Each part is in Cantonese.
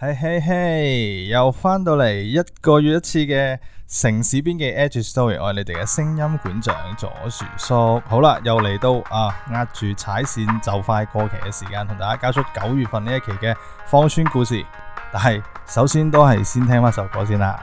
嘿嘿嘿！Hey, hey, hey, 又翻到嚟一個月一次嘅城事邊記 Edge Story，我係你哋嘅聲音館長左樹叔。好啦，又嚟到啊，壓住踩線就快過期嘅時間，同大家交出九月份呢一期嘅芳村故事。但係首先都係先聽返首歌先啦。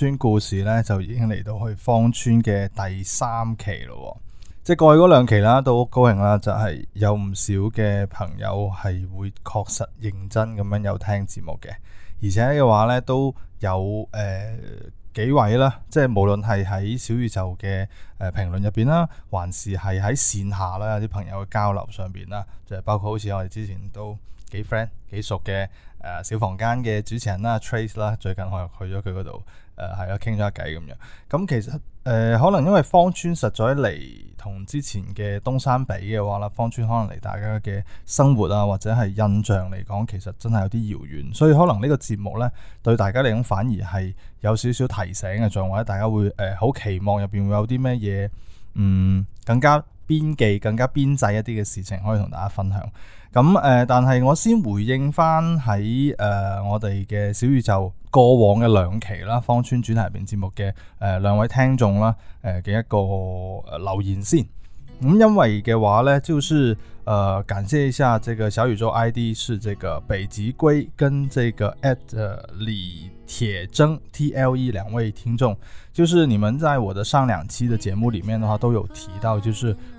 村故事咧，就已經嚟到去芳村嘅第三期咯喎。即係過去嗰兩期啦，都好高興啦，就係有唔少嘅朋友係會確實認真咁樣有聽節目嘅，而且嘅話咧都有誒幾位啦。即係無論係喺小宇宙嘅誒評論入邊啦，還是係喺線下啦啲朋友嘅交流上邊啦，就係包括好似我哋之前都幾 friend 幾熟嘅誒小房間嘅主持人啦，Trace 啦，最近我又去咗佢嗰度。誒係咯，傾咗一偈咁樣。咁其實誒、呃，可能因為芳村實在嚟同之前嘅東山比嘅話啦，芳村可能嚟大家嘅生活啊，或者係印象嚟講，其實真係有啲遙遠。所以可能呢個節目咧，對大家嚟講反而係有少少提醒嘅，或者大家會誒好、呃、期望入邊會有啲咩嘢，嗯，更加。邊記更加邊際一啲嘅事情可以同大家分享。咁、嗯、誒、呃，但係我先回應返喺誒我哋嘅小宇宙過往嘅兩期啦，芳村主題入邊節目嘅誒、呃、兩位聽眾啦，誒嘅、呃、一個留言先。咁、嗯、因為嘅話呢，就是誒、呃、感謝一下，這個小宇宙 ID 是這個北極龜跟這個 at 李鐵錚 TLE 兩位聽眾，就是你們在我的上兩期嘅節目裡面嘅話都有提到，就是。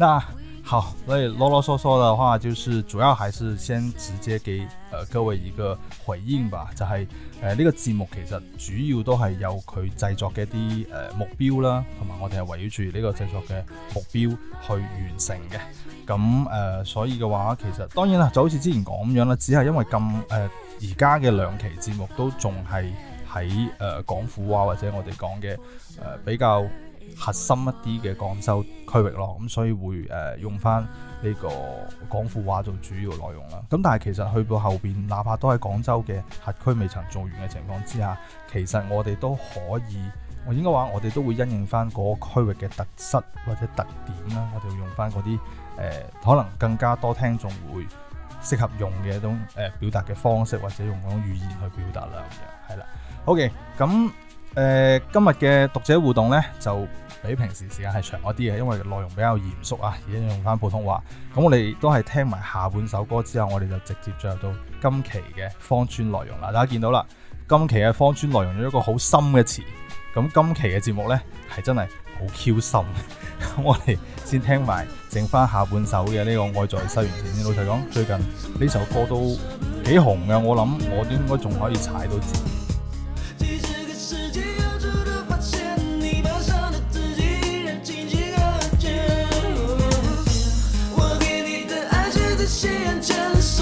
嗱，好，所以囉囉嗦嗦的話，就是主要還是先直接給，誒、呃、各位一個回應吧。就係、是，誒、呃、呢、這個節目其實主要都係有佢製作嘅一啲誒、呃、目標啦，同埋我哋係圍繞住呢個製作嘅目標去完成嘅。咁誒、呃，所以嘅話，其實當然啦，就好似之前講咁樣啦，只係因為咁，誒而家嘅兩期節目都仲係喺誒廣府話，或者我哋講嘅誒比較。核心一啲嘅廣州區域咯，咁所以會誒用翻呢個廣府話做主要內容啦。咁但係其實去到後邊，哪怕都喺廣州嘅核區未曾做完嘅情況之下，其實我哋都可以，我應該話我哋都會因應翻嗰個區域嘅特色或者特點啦，我哋會用翻嗰啲誒可能更加多聽眾會適合用嘅一種誒表達嘅方式，或者用嗰種語言去表達啦。咁樣係啦，OK 咁。Okay, 誒、呃，今日嘅讀者互動呢，就比平時時間係長一啲嘅，因為內容比較嚴肅啊，而家用翻普通話。咁我哋都係聽埋下半首歌之後，我哋就直接進入到今期嘅芳村內容啦。大家見到啦，今期嘅芳村內容有一個好深嘅詞。咁今期嘅節目呢，係真係好 Q 深。 我哋先聽埋剩翻下半首嘅呢、呢個「愛在西元前」先。老實講，最近呢首歌都幾紅嘅，我諗我都應該仲可以踩到字。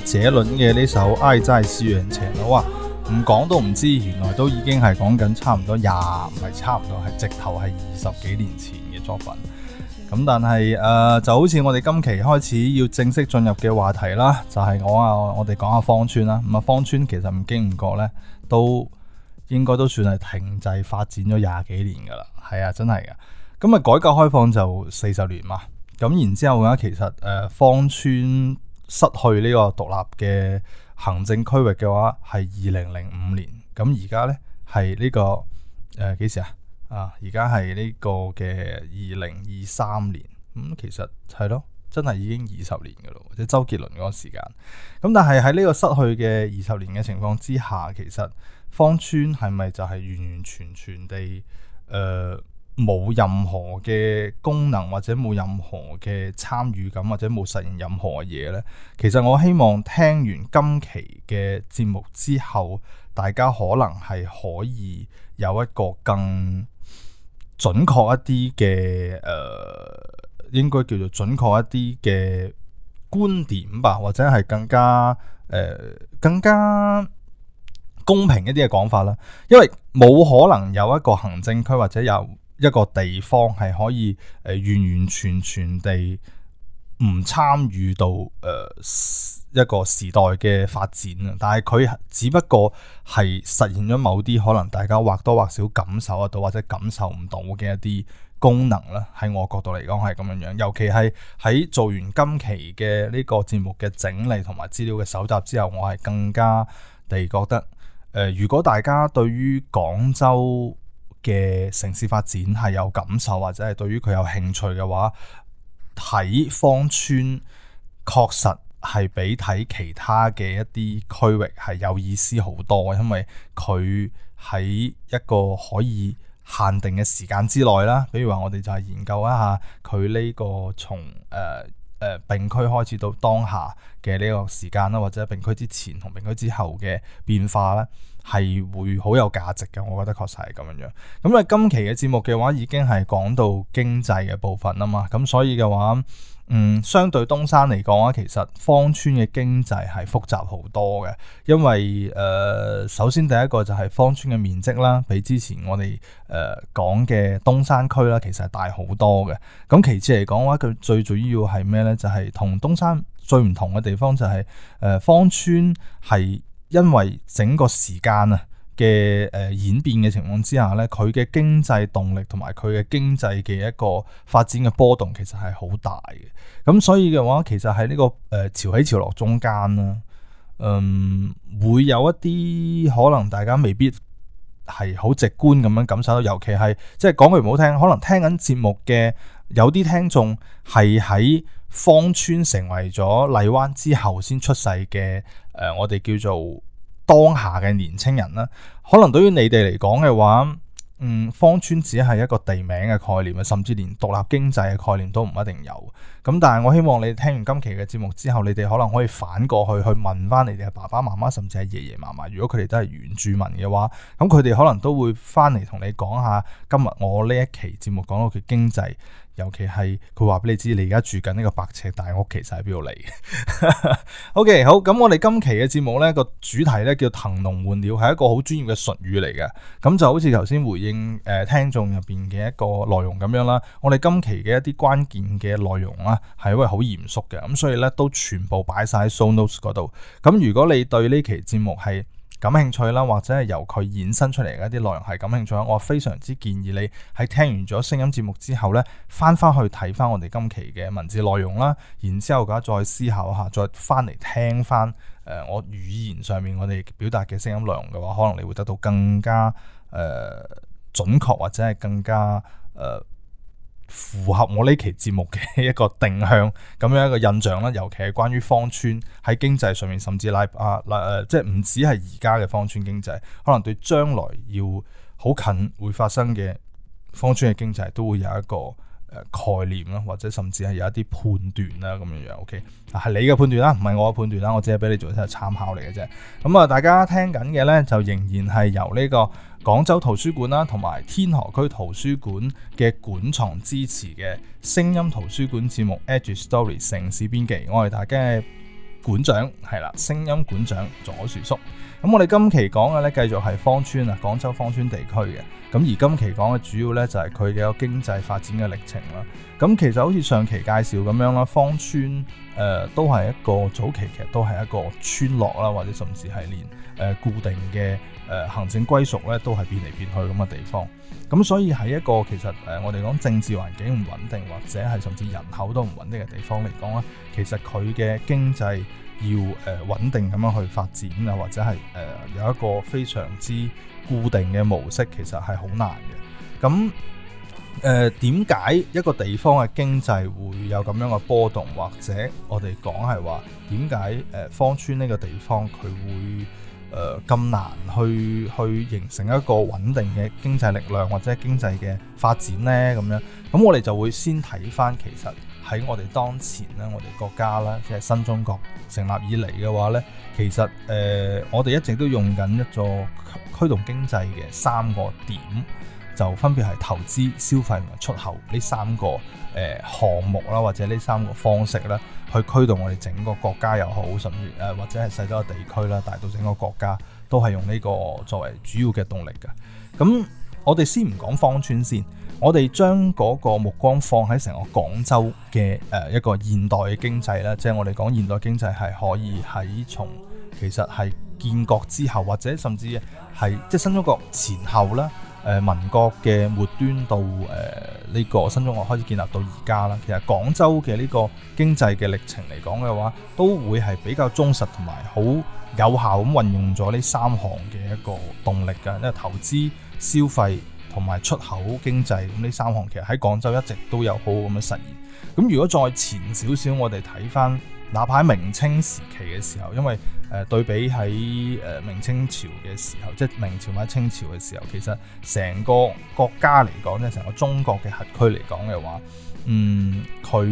這輪嘅呢首《I 在草人情》好啊，唔講都唔知，原來都已經係講緊差唔多廿，唔係差唔多係直頭係二十幾年前嘅作品。咁但係誒、呃，就好似我哋今期開始要正式進入嘅話題啦，就係、是、我啊，我哋講下芳村啦。咁啊，芳村其實唔經唔覺咧，都應該都算係停滯發展咗廿幾年噶啦。係啊，真係噶。咁啊，改革開放就四十年嘛。咁然之後咧，其實誒、呃、芳村。失去呢個獨立嘅行政區域嘅話，係二零零五年。咁而家呢，係呢、呢個誒幾、呃、時啊？啊，而家係呢個嘅二零二三年。咁、嗯、其實係咯，真係已經二十年㗎咯，即、係、周杰倫嗰個時間。咁但係喺呢個失去嘅二十年嘅情況之下，其實芳村係咪就係完完全全地誒、呃冇任何嘅功能，或者冇任何嘅參與感，或者冇實現任何嘢咧。其實我希望聽完今期嘅節目之後，大家可能係可以有一個更準確一啲嘅，誒、呃、應該叫做準確一啲嘅觀點吧，或者係更加誒、呃、更加公平一啲嘅講法啦。因為冇可能有一個行政區或者有。一個地方係可以誒完、呃、完全全地唔參與到誒、呃、一個時代嘅發展啊！但係佢只不過係實現咗某啲可能大家或多或少感受得到或者感受唔到嘅一啲功能啦。喺我角度嚟講係咁樣樣，尤其係喺做完今期嘅呢個節目嘅整理同埋資料嘅搜集之後，我係更加地覺得誒、呃，如果大家對於廣州嘅城市發展係有感受，或者係對於佢有興趣嘅話，睇芳村確實係比睇其他嘅一啲區域係有意思好多，因為佢喺一個可以限定嘅時間之內啦。比如話，我哋就係研究一下佢呢個從誒誒併區開始到當下嘅呢個時間啦，或者併區之前同併區之後嘅變化啦，係會好有價值嘅，我覺得確實係咁樣樣。咁因為今期嘅節目嘅話，已經係講到經濟嘅部分啦嘛，咁所以嘅話，嗯，相對東山嚟講嘅話，其實芳村嘅經濟係複雜好多嘅。因為誒、呃，首先第一個就係芳村嘅面積啦，比之前我哋誒講嘅東山區啦，其實係大好多嘅。咁其次嚟講嘅話，佢最主要係咩咧？就係、是、同東山最唔同嘅地方就係、是、誒，芳、呃、村係。因為整個時間啊嘅誒演變嘅情況之下咧，佢嘅經濟動力同埋佢嘅經濟嘅一個發展嘅波動其實係好大嘅。咁所以嘅話，其實喺呢個誒潮起潮落中間啦，嗯，會有一啲可能大家未必係好直觀咁樣感受到，尤其係即係講句唔好聽，可能聽緊節目嘅有啲聽眾係喺芳村成為咗荔灣之後先出世嘅。誒、呃，我哋叫做當下嘅年青人啦，可能對於你哋嚟講嘅話，嗯，芳村只係一個地名嘅概念啊，甚至連獨立經濟嘅概念都唔一定有。咁但係我希望你聽完今期嘅節目之後，你哋可能可以反過去去問翻你哋嘅爸爸媽媽，甚至係爺爺嫲嫲，如果佢哋都係原住民嘅話，咁佢哋可能都會翻嚟同你講下今日我呢一期節目講到嘅經濟。尤其係佢話俾你知，你而家住緊呢個百尺大屋，其實喺邊度嚟？OK，好咁，我哋今期嘅節目呢個主題呢，叫騰籠換鳥，係一個好專業嘅術語嚟嘅。咁就好似頭先回應誒、呃、聽眾入邊嘅一個內容咁樣啦。我哋今期嘅一啲關鍵嘅內容啦，係因為好嚴肅嘅，咁所以呢，都全部擺晒喺 show notes 嗰度。咁如果你對呢期節目係，感興趣啦，或者係由佢衍生出嚟嘅一啲內容係感興趣，我非常之建議你喺聽完咗聲音節目之後咧，翻翻去睇翻我哋今期嘅文字內容啦，然之後嘅再思考下，再翻嚟聽翻誒、呃、我語言上面我哋表達嘅聲音內容嘅話，可能你會得到更加誒、呃、準確或者係更加誒。呃符合我呢期節目嘅一個定向咁樣一個印象啦，尤其係關於芳村喺經濟上面，甚至係啊嗱誒，即係唔止係而家嘅芳村經濟，可能對將來要好近會發生嘅芳村嘅經濟，都會有一個誒概念啦，或者甚至係有一啲判斷啦咁樣樣。O K，嗱係你嘅判斷啦，唔係我嘅判斷啦，我只係俾你做一個參考嚟嘅啫。咁、嗯、啊，大家聽緊嘅咧，就仍然係由呢、這個。廣州圖書館啦，同埋天河區圖書館嘅館藏支持嘅聲音圖書館節目《Edge Story》城事邊記，我係大家嘅館長，係啦，聲音館長左樹叔。咁我哋今期講嘅咧，繼續係芳村啊，廣州芳村地區嘅。咁而今期講嘅主要咧，就係佢嘅經濟發展嘅歷程啦。咁其實好似上期介紹咁樣啦，芳村誒、呃、都係一個早期其實都係一個村落啦，或者甚至係連誒、呃、固定嘅。誒行政歸屬咧都係變嚟變去咁嘅地方，咁所以喺一個其實誒我哋講政治環境唔穩定，或者係甚至人口都唔穩定嘅地方嚟講咧，其實佢嘅經濟要誒穩定咁樣去發展啊，或者係誒有一個非常之固定嘅模式，其實係好難嘅。咁誒點解一個地方嘅經濟會有咁樣嘅波動，或者我哋講係話點解誒芳村呢個地方佢會，誒咁、呃、難去去形成一個穩定嘅經濟力量，或者經濟嘅發展呢。咁樣咁我哋就會先睇返，其實喺我哋當前咧，我哋國家啦，即係新中國成立以嚟嘅話呢，其實誒、呃、我哋一直都用緊一座驅動經濟嘅三個點。就分別係投資、消費同埋出口呢三個誒項目啦，或者呢三個方式咧，去驅動我哋整個國家又好，甚至誒或者係細多個地區啦，大到整個國家都係用呢個作為主要嘅動力嘅。咁我哋先唔講芳村先，我哋將嗰個目光放喺成個廣州嘅誒一個現代嘅經濟啦。即係我哋講現代經濟係可以喺從其實係建國之後，或者甚至係即係新中國前後啦。誒民國嘅末端到誒呢、呃這個新中國開始建立到而家啦，其實廣州嘅呢個經濟嘅歷程嚟講嘅話，都會係比較忠實同埋好有效咁運用咗呢三項嘅一個動力嘅，因為投資、消費同埋出口經濟咁呢三項，其實喺廣州一直都有好好咁樣實現。咁如果再前少少，我哋睇翻。哪怕喺明清時期嘅時候，因為誒、呃、對比喺誒、呃、明清朝嘅時候，即係明朝或者清朝嘅時候，其實成個國家嚟講咧，成個中國嘅核區嚟講嘅話，嗯，佢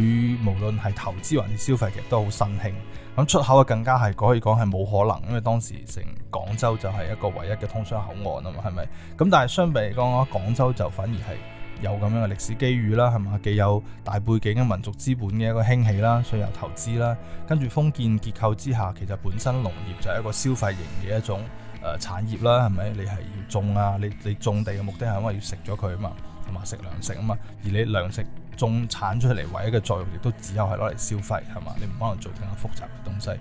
無論係投資還是消費，其實都好新興。咁、嗯、出口啊，更加係可以講係冇可能，因為當時成廣州就係一個唯一嘅通商口岸啊嘛，係咪？咁但係相比嚟講，我覺得廣州就反而係。有咁樣嘅歷史機遇啦，係嘛？既有大背景嘅民族資本嘅一個興起啦，所以有投資啦。跟住封建結構之下，其實本身農業就係一個消費型嘅一種誒、呃、產業啦，係咪？你係要種啊，你你種地嘅目的係因為要食咗佢啊嘛，同埋食糧食啊嘛，而你糧食。仲產出嚟唯一嘅作用，亦都只有係攞嚟消費，係嘛？你唔可能做更加複雜嘅東西。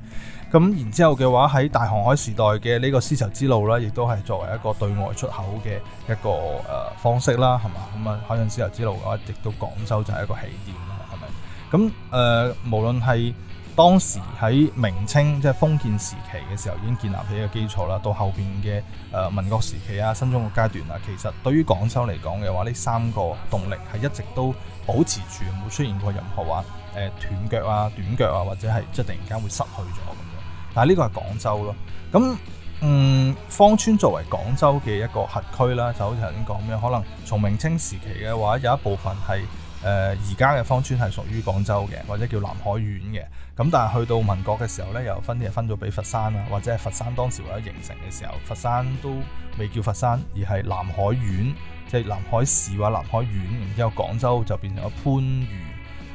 咁然之後嘅話，喺大航海時代嘅呢個絲綢之路啦，亦都係作為一個對外出口嘅一個誒、呃、方式啦，係嘛？咁啊，海上絲綢之路嘅話，亦都廣州就係一個起點，係咪？咁誒，無論係當時喺明清即係、就是、封建時期嘅時候已經建立起一個基礎啦，到後邊嘅誒民國時期啊、新中國階段啊，其實對於廣州嚟講嘅話，呢三個動力係一直都。保持住冇出現過任何話誒斷腳啊、短腳啊，或者係即係突然間會失去咗咁樣。但係呢個係廣州咯。咁嗯，芳村作為廣州嘅一個轄區啦，就好似頭先講咁，可能從明清時期嘅話，有一部分係。誒而家嘅芳村係屬於廣州嘅，或者叫南海縣嘅。咁但係去到民國嘅時候呢，又分啲係分咗俾佛山啊，或者係佛山當時為咗形成嘅時候，佛山都未叫佛山，而係南海縣，即係南海市話南海縣。然之後廣州就變成咗番禺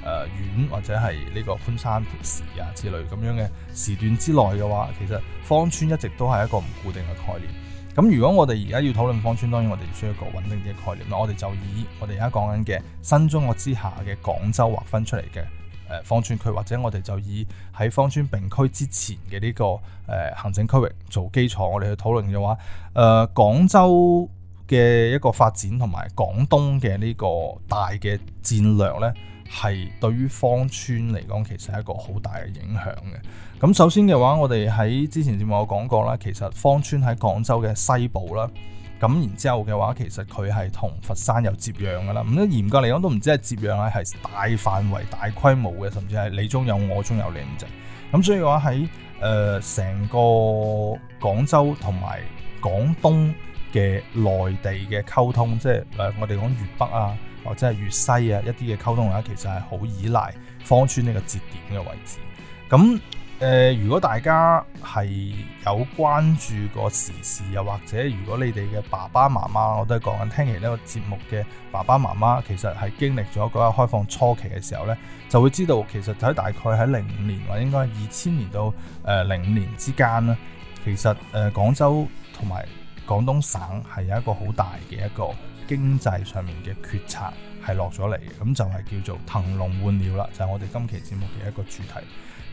誒縣，或者係呢個潘山市啊之類咁樣嘅時段之內嘅話，其實芳村一直都係一個唔固定嘅概念。咁如果我哋而家要討論芳村，當然我哋需要一個穩定啲嘅概念啦。我哋就以我哋而家講緊嘅新中國之下嘅廣州劃分出嚟嘅誒芳村區，或者我哋就以喺芳村併區之前嘅呢個誒行政區域做基礎，我哋去討論嘅話誒廣州嘅一個發展同埋廣東嘅呢個大嘅戰略咧。係對於芳村嚟講，其實係一個好大嘅影響嘅。咁首先嘅話，我哋喺之前節目有講過啦，其實芳村喺廣州嘅西部啦。咁然之後嘅話，其實佢係同佛山有接壤㗎啦。咁嚴格嚟講都唔知係接壤咧，係大範圍、大規模嘅，甚至係你中有我中有你咁滯。咁所以話喺誒成個廣州同埋廣東嘅內地嘅溝通，即係我哋講粵北啊。或者係粵西啊一啲嘅溝通話，其實係好依賴芳村呢個節點嘅位置。咁誒、呃，如果大家係有關注過時事，又或者如果你哋嘅爸爸媽媽，我都係講緊聽期呢個節目嘅爸爸媽媽，其實係經歷咗嗰個開放初期嘅時候呢，就會知道其實喺大概喺零五年或應該二千年到誒零五年之間呢，其實誒、呃、廣州同埋廣東省係有一個好大嘅一個。經濟上面嘅決策係落咗嚟嘅，咁就係叫做騰籠換鳥啦。就係、是、我哋今期節目嘅一個主題。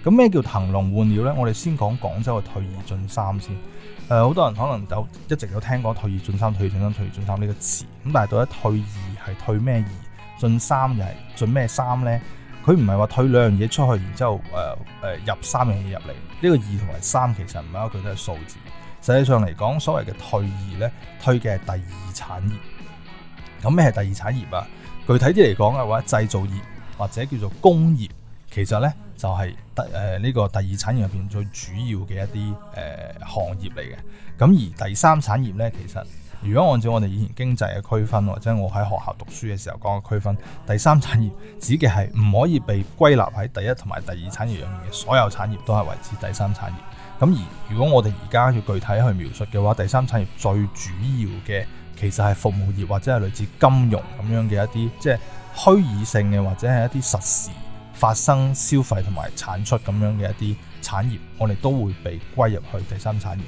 咁咩叫騰籠換鳥呢？我哋先講，講廣州嘅退二進三先。誒、呃，好多人可能有一直有聽講退二進三、退二進三、退二進三呢個詞。咁但係到底退二係退咩二，進三又係進咩三呢？佢唔係話退兩樣嘢出去，然之後誒誒、呃、入三樣嘢入嚟。呢、這個二同埋三其實唔係一個佢都係數字。實際上嚟講，所謂嘅退二呢，退嘅係第二產業。咁咩係第二產業啊？具體啲嚟講嘅話，製造業或者叫做工業，其實呢就係第誒呢個第二產業入邊最主要嘅一啲誒、呃、行業嚟嘅。咁而第三產業呢，其實如果按照我哋以前經濟嘅區分，或者我喺學校讀書嘅時候講嘅區分，第三產業指嘅係唔可以被歸納喺第一同埋第二產業入面嘅所有產業都係為之第三產業。咁而如果我哋而家要具體去描述嘅話，第三產業最主要嘅其實係服務業或者係類似金融咁樣嘅一啲，即係虛擬性嘅或者係一啲實時發生消費同埋產出咁樣嘅一啲產業，我哋都會被歸入去第三產業。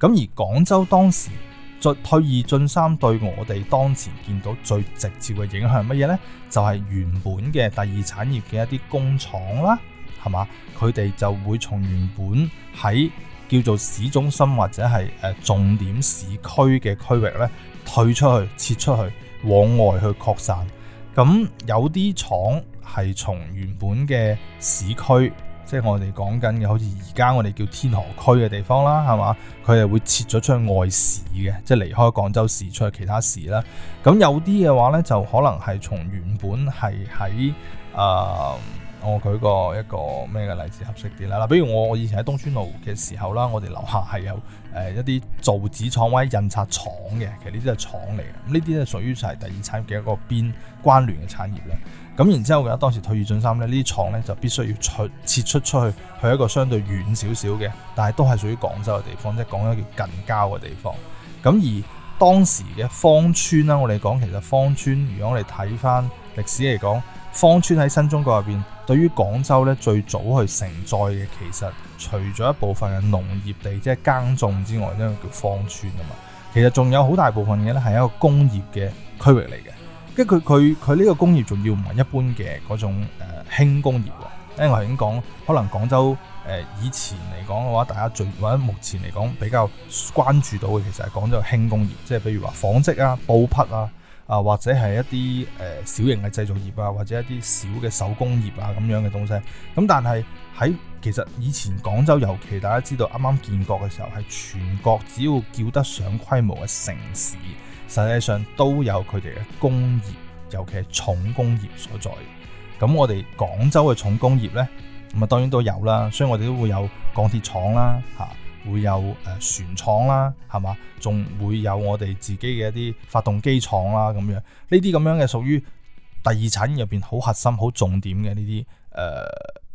咁而廣州當時進退二進三對我哋當前見到最直接嘅影響乜嘢呢？就係原本嘅第二產業嘅一啲工廠啦，係嘛？佢哋就會從原本喺叫做市中心或者係誒重點市區嘅區域呢，退出去，撤出去，往外去擴散。咁有啲廠係從原本嘅市區，即係我哋講緊嘅，好似而家我哋叫天河區嘅地方啦，係嘛？佢係會撤咗出去外市嘅，即係離開廣州市出去其他市啦。咁有啲嘅話呢，就可能係從原本係喺誒。呃我、哦、舉個一個咩嘅例子合適啲啦，嗱，比如我我以前喺東川路嘅時候啦，我哋樓下係有誒、呃、一啲造紙廠或者印刷廠嘅，其實呢啲係廠嚟嘅，呢啲咧屬於就係第二產業嘅一個邊關聯嘅產業啦。咁然之後嘅話，當時退二進三咧，呢啲廠咧就必須要佢撤出出去，去一個相對遠少少嘅，但係都係屬於廣州嘅地方，即係講緊叫近郊嘅地方。咁而當時嘅芳村啦，我哋講其實芳村，如果我哋睇翻歷史嚟講，芳村喺新中國入邊，對於廣州咧最早去承載嘅，其實除咗一部分嘅農業地，即係耕種之外，因為叫芳村啊嘛，其實仲有好大部分嘅咧係一個工業嘅區域嚟嘅。跟住佢佢佢呢個工業仲要唔係一般嘅嗰種誒輕、呃、工業喎。因為我已經講，可能廣州誒、呃、以前嚟講嘅話，大家最或者目前嚟講比較關注到嘅其實係廣州輕工業，即係比如話紡織啊、布匹啊。啊，或者係一啲誒、呃、小型嘅製造業啊，或者一啲小嘅手工業啊咁樣嘅東西。咁但係喺其實以前廣州尤其大家知道啱啱建國嘅時候，係全國只要叫得上規模嘅城市，實際上都有佢哋嘅工業，尤其係重工業所在。咁我哋廣州嘅重工業呢，咁啊當然都有啦，所以我哋都會有鋼鐵廠啦，嚇。會有誒船廠啦，係嘛？仲會有我哋自己嘅一啲發動機廠啦，咁樣呢啲咁樣嘅屬於第二產業入邊好核心、好重點嘅呢啲誒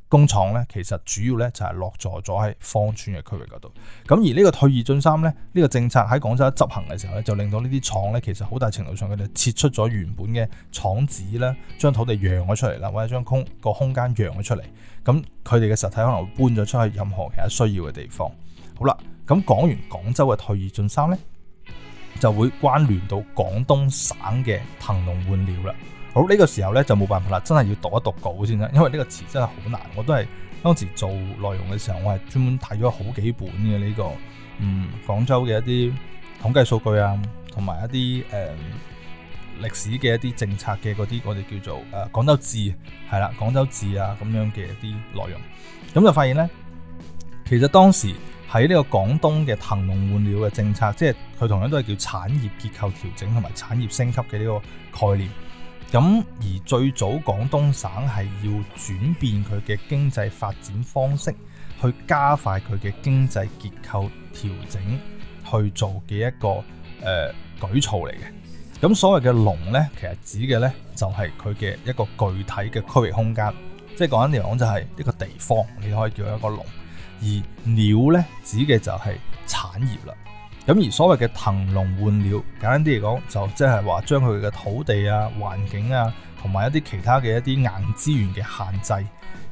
工廠呢，其實主要呢就係、是、落座咗喺芳村嘅區域嗰度。咁而呢個退二進三呢，呢、呢個政策喺廣州執行嘅時候呢，就令到呢啲廠呢，其實好大程度上佢哋撤出咗原本嘅廠址啦，將土地讓咗出嚟啦，或者將空個空間讓咗出嚟。咁佢哋嘅實體可能會搬咗出去任何其他需要嘅地方。好啦，咁講完廣州嘅退二進三呢，就會關聯到廣東省嘅騰籠換鳥啦。好，呢個時候呢，就冇辦法啦，真係要讀一讀稿先啦，因為呢個詞真係好難。我都係當時做內容嘅時候，我係專門睇咗好幾本嘅呢個嗯廣州嘅一啲統計數據啊，同埋一啲誒歷史嘅一啲政策嘅嗰啲，我哋叫做誒廣州志，係啦，廣州志啊咁樣嘅一啲內容，咁就發現呢，其實當時。喺呢個廣東嘅騰籠換鳥嘅政策，即係佢同樣都係叫產業結構調整同埋產業升級嘅呢個概念。咁而最早廣東省係要轉變佢嘅經濟發展方式，去加快佢嘅經濟結構調整，去做嘅一個誒、呃、舉措嚟嘅。咁所謂嘅籠呢，其實指嘅呢就係佢嘅一個具體嘅區域空間，即係講緊嚟講就係一個地方，你可以叫一個籠。而鳥呢，指嘅就係產業啦。咁而所謂嘅騰籠換鳥，簡單啲嚟講，就即係話將佢嘅土地啊、環境啊，同埋一啲其他嘅一啲硬資源嘅限制，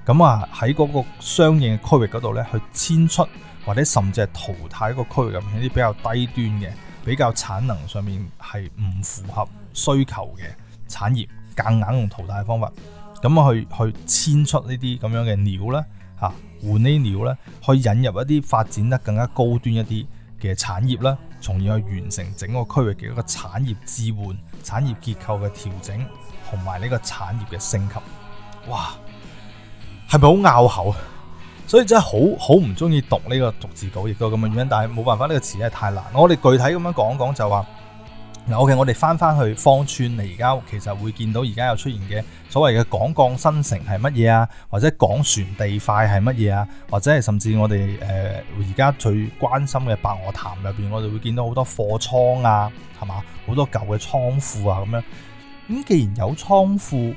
咁啊喺嗰個相應嘅區域嗰度呢，去遷出或者甚至係淘汰一個區域入面啲比較低端嘅、比較產能上面係唔符合需求嘅產業，夾硬硬用淘汰方法，咁啊去去遷出這這呢啲咁樣嘅鳥啦。啊，換呢鳥咧，可以引入一啲發展得更加高端一啲嘅產業啦，從而去完成整個區域嘅一個產業置換、產業結構嘅調整同埋呢個產業嘅升級。哇，係咪好拗口啊？所以真係好好唔中意讀呢個逐字稿，亦都咁嘅原因。但係冇辦法，呢、呢個詞係太難。我哋具體咁樣講講就話。嗱，OK，我哋翻翻去芳村你而家其實會見到而家有出現嘅所謂嘅廣鋼新城係乜嘢啊，或者廣船地塊係乜嘢啊，或者係甚至我哋誒而家最關心嘅白鵝潭入邊，我哋會見到好多貨倉啊，係嘛，好多舊嘅倉庫啊咁樣。咁既然有倉庫，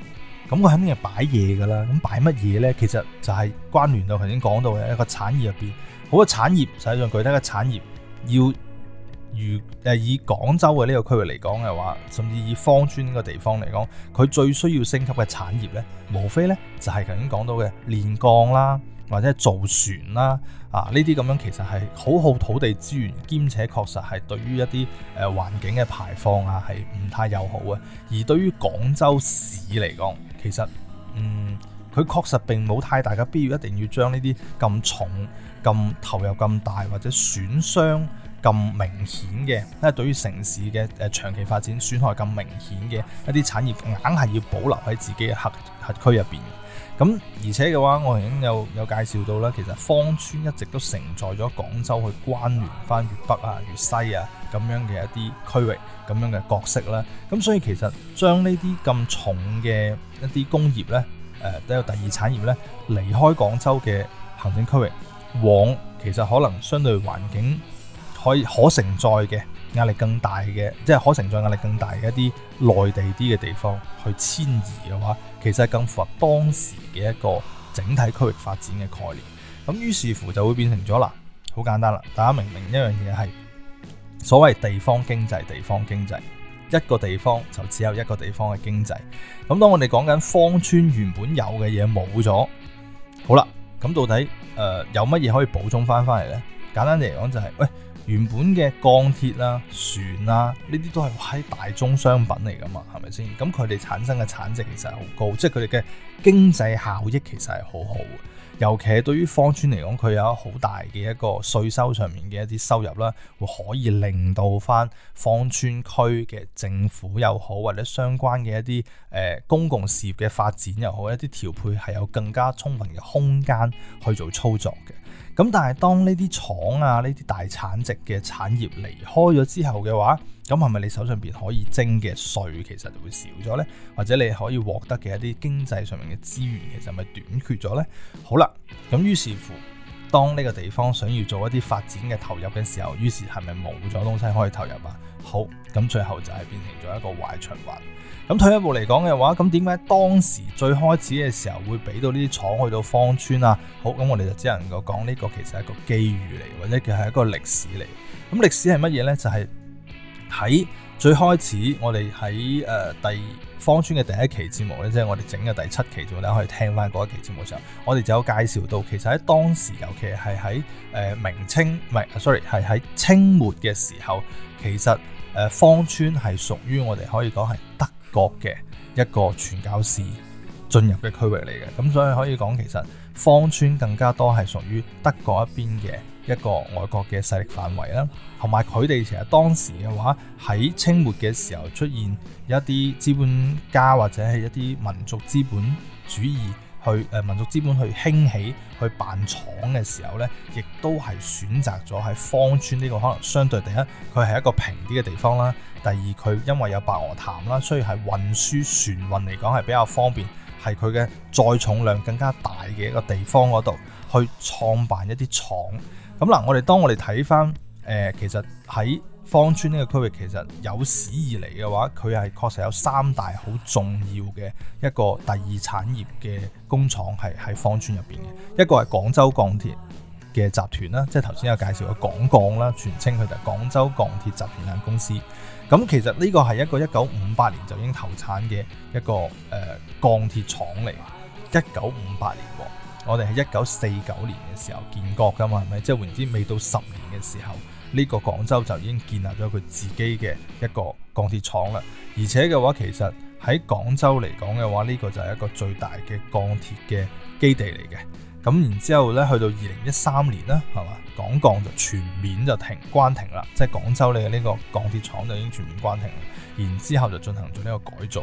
咁佢肯定係擺嘢㗎啦。咁擺乜嘢咧？其實就係關聯到頭先講到嘅一個產業入邊。好多產業，實際上具體嘅產業要。如誒以，以廣州嘅呢個區域嚟講嘅話，甚至以芳村呢個地方嚟講，佢最需要升級嘅產業呢，無非呢就係頭先講到嘅煉鋼啦，或者係造船啦啊呢啲咁樣其實係好耗土地資源，兼且確實係對於一啲誒、呃、環境嘅排放啊係唔太友好嘅。而對於廣州市嚟講，其實嗯佢確實並冇太大嘅必要一定要將呢啲咁重、咁投入咁大或者損傷。咁明顯嘅，因為對於城市嘅誒長期發展損害咁明顯嘅一啲產業，硬係要保留喺自己嘅核核區入邊。咁而且嘅話，我已經有有介紹到啦。其實芳村一直都承載咗廣州去關聯翻粵北啊、粵西啊咁樣嘅一啲區域咁樣嘅角色啦。咁所以其實將呢啲咁重嘅一啲工業呢，誒、呃，都有第二產業呢，離開廣州嘅行政區域往，其實可能相對環境。可以可承載嘅壓力更大嘅，即係可承載壓力更大嘅一啲內地啲嘅地方去遷移嘅話，其實係更符合當時嘅一個整體區域發展嘅概念。咁於是乎就會變成咗啦，好簡單啦，大家明唔明一樣嘢係所謂地方經濟，地方經濟一個地方就只有一個地方嘅經濟。咁當我哋講緊芳村原本有嘅嘢冇咗，好啦，咁到底誒、呃、有乜嘢可以補充翻翻嚟呢？簡單地嚟講就係、是、喂，原本嘅鋼鐵啦、啊、船啦、啊，呢啲都係喺大宗商品嚟噶嘛，係咪先？咁佢哋產生嘅產值其實係好高，即係佢哋嘅經濟效益其實係好好。尤其係對於芳村嚟講，佢有好大嘅一個稅收上面嘅一啲收入啦，會可以令到翻芳村區嘅政府又好，或者相關嘅一啲誒、呃、公共事業嘅發展又好，一啲調配係有更加充分嘅空間去做操作嘅。咁但係當呢啲廠啊、呢啲大產值嘅產業離開咗之後嘅話，咁係咪你手上邊可以徵嘅稅其實就會少咗呢？或者你可以獲得嘅一啲經濟上面嘅資源，其實咪短缺咗呢？好啦，咁於是乎。當呢個地方想要做一啲發展嘅投入嘅時候，於是係咪冇咗東西可以投入啊？好，咁最後就係變成咗一個壞循環。咁退一步嚟講嘅話，咁點解當時最開始嘅時候會俾到呢啲廠去到芳村啊？好，咁我哋就只能夠講呢個其實係一個機遇嚟，或者佢係一個歷史嚟。咁歷史係乜嘢呢？就係、是、喺最開始我哋喺誒第。芳村嘅第一期節目咧，即係我哋整嘅第七期節目咧，大家可以聽翻嗰一期節目嘅時候，我哋就有介紹到，其實喺當時，尤其係喺誒明清唔係，sorry 係喺清末嘅時候，其實誒芳村係屬於我哋可以講係德國嘅一個傳教士進入嘅區域嚟嘅，咁所以可以講其實芳村更加多係屬於德國一邊嘅一個外國嘅勢力範圍啦。同埋佢哋，其實當時嘅話喺清末嘅時候出現一啲資本家或者係一啲民族資本主義去誒、呃、民族資本去興起去辦廠嘅時候呢，亦都係選擇咗喺芳村呢個可能相對第一佢係一個平啲嘅地方啦，第二佢因為有白鵝潭啦，所以係運輸船運嚟講係比較方便，係佢嘅載重量更加大嘅一個地方嗰度去創辦一啲廠。咁嗱，我哋當我哋睇返。誒，其實喺芳村呢個區域，其實有史以嚟嘅話，佢係確實有三大好重要嘅一個第二產業嘅工廠係喺芳村入邊嘅。一個係廣州鋼鐵嘅集團啦，即係頭先有介紹嘅廣鋼啦，全稱佢就係廣州鋼鐵集團有限公司。咁其實呢個係一個一九五八年就已經投產嘅一個誒、呃、鋼鐵廠嚟。一九五八年，我哋係一九四九年嘅時候建國㗎嘛，係咪？即係換言之未到十年嘅時候。呢個廣州就已經建立咗佢自己嘅一個鋼鐵廠啦，而且嘅話其實喺廣州嚟講嘅話，呢個就係一個最大嘅鋼鐵嘅基地嚟嘅。咁然之後呢，去到二零一三年啦，係嘛？廣鋼就全面就停關停啦，即係廣州你嘅呢個鋼鐵廠就已經全面關停啦。然之後就進行咗呢個改造。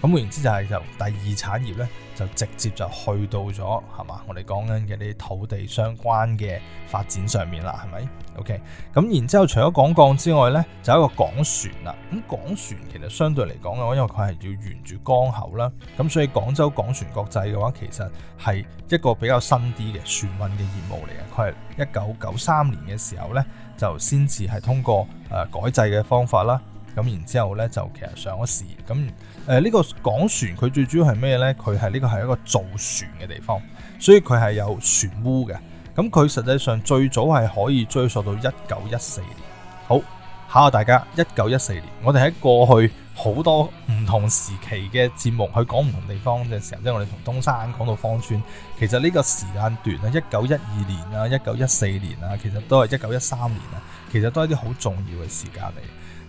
咁換言之就係由第二產業咧，就直接就去到咗係嘛？我哋講緊嘅啲土地相關嘅發展上面啦，係咪？OK，咁然之後除咗廣鋼之外咧，就有一個廣船啦。咁廣船其實相對嚟講嘅話，因為佢係要沿住江口啦，咁所以廣州廣船國際嘅話，其實係一個比較新啲嘅船運嘅業務嚟嘅。佢係一九九三年嘅時候咧，就先至係通過誒、呃、改制嘅方法啦。咁然之後咧，就其實上咗市咁。誒呢、呃這個廣船佢最主要係咩呢？佢係呢個係一個造船嘅地方，所以佢係有船塢嘅。咁佢實際上最早係可以追溯到一九一四年。好考下大家，一九一四年，我哋喺過去好多唔同時期嘅節目，去講唔同地方嘅時候，即係我哋從東山講到芳村，其實呢個時間段啊，一九一二年啊，一九一四年啊，其實都係一九一三年啊，其實都係啲好重要嘅時間嚟。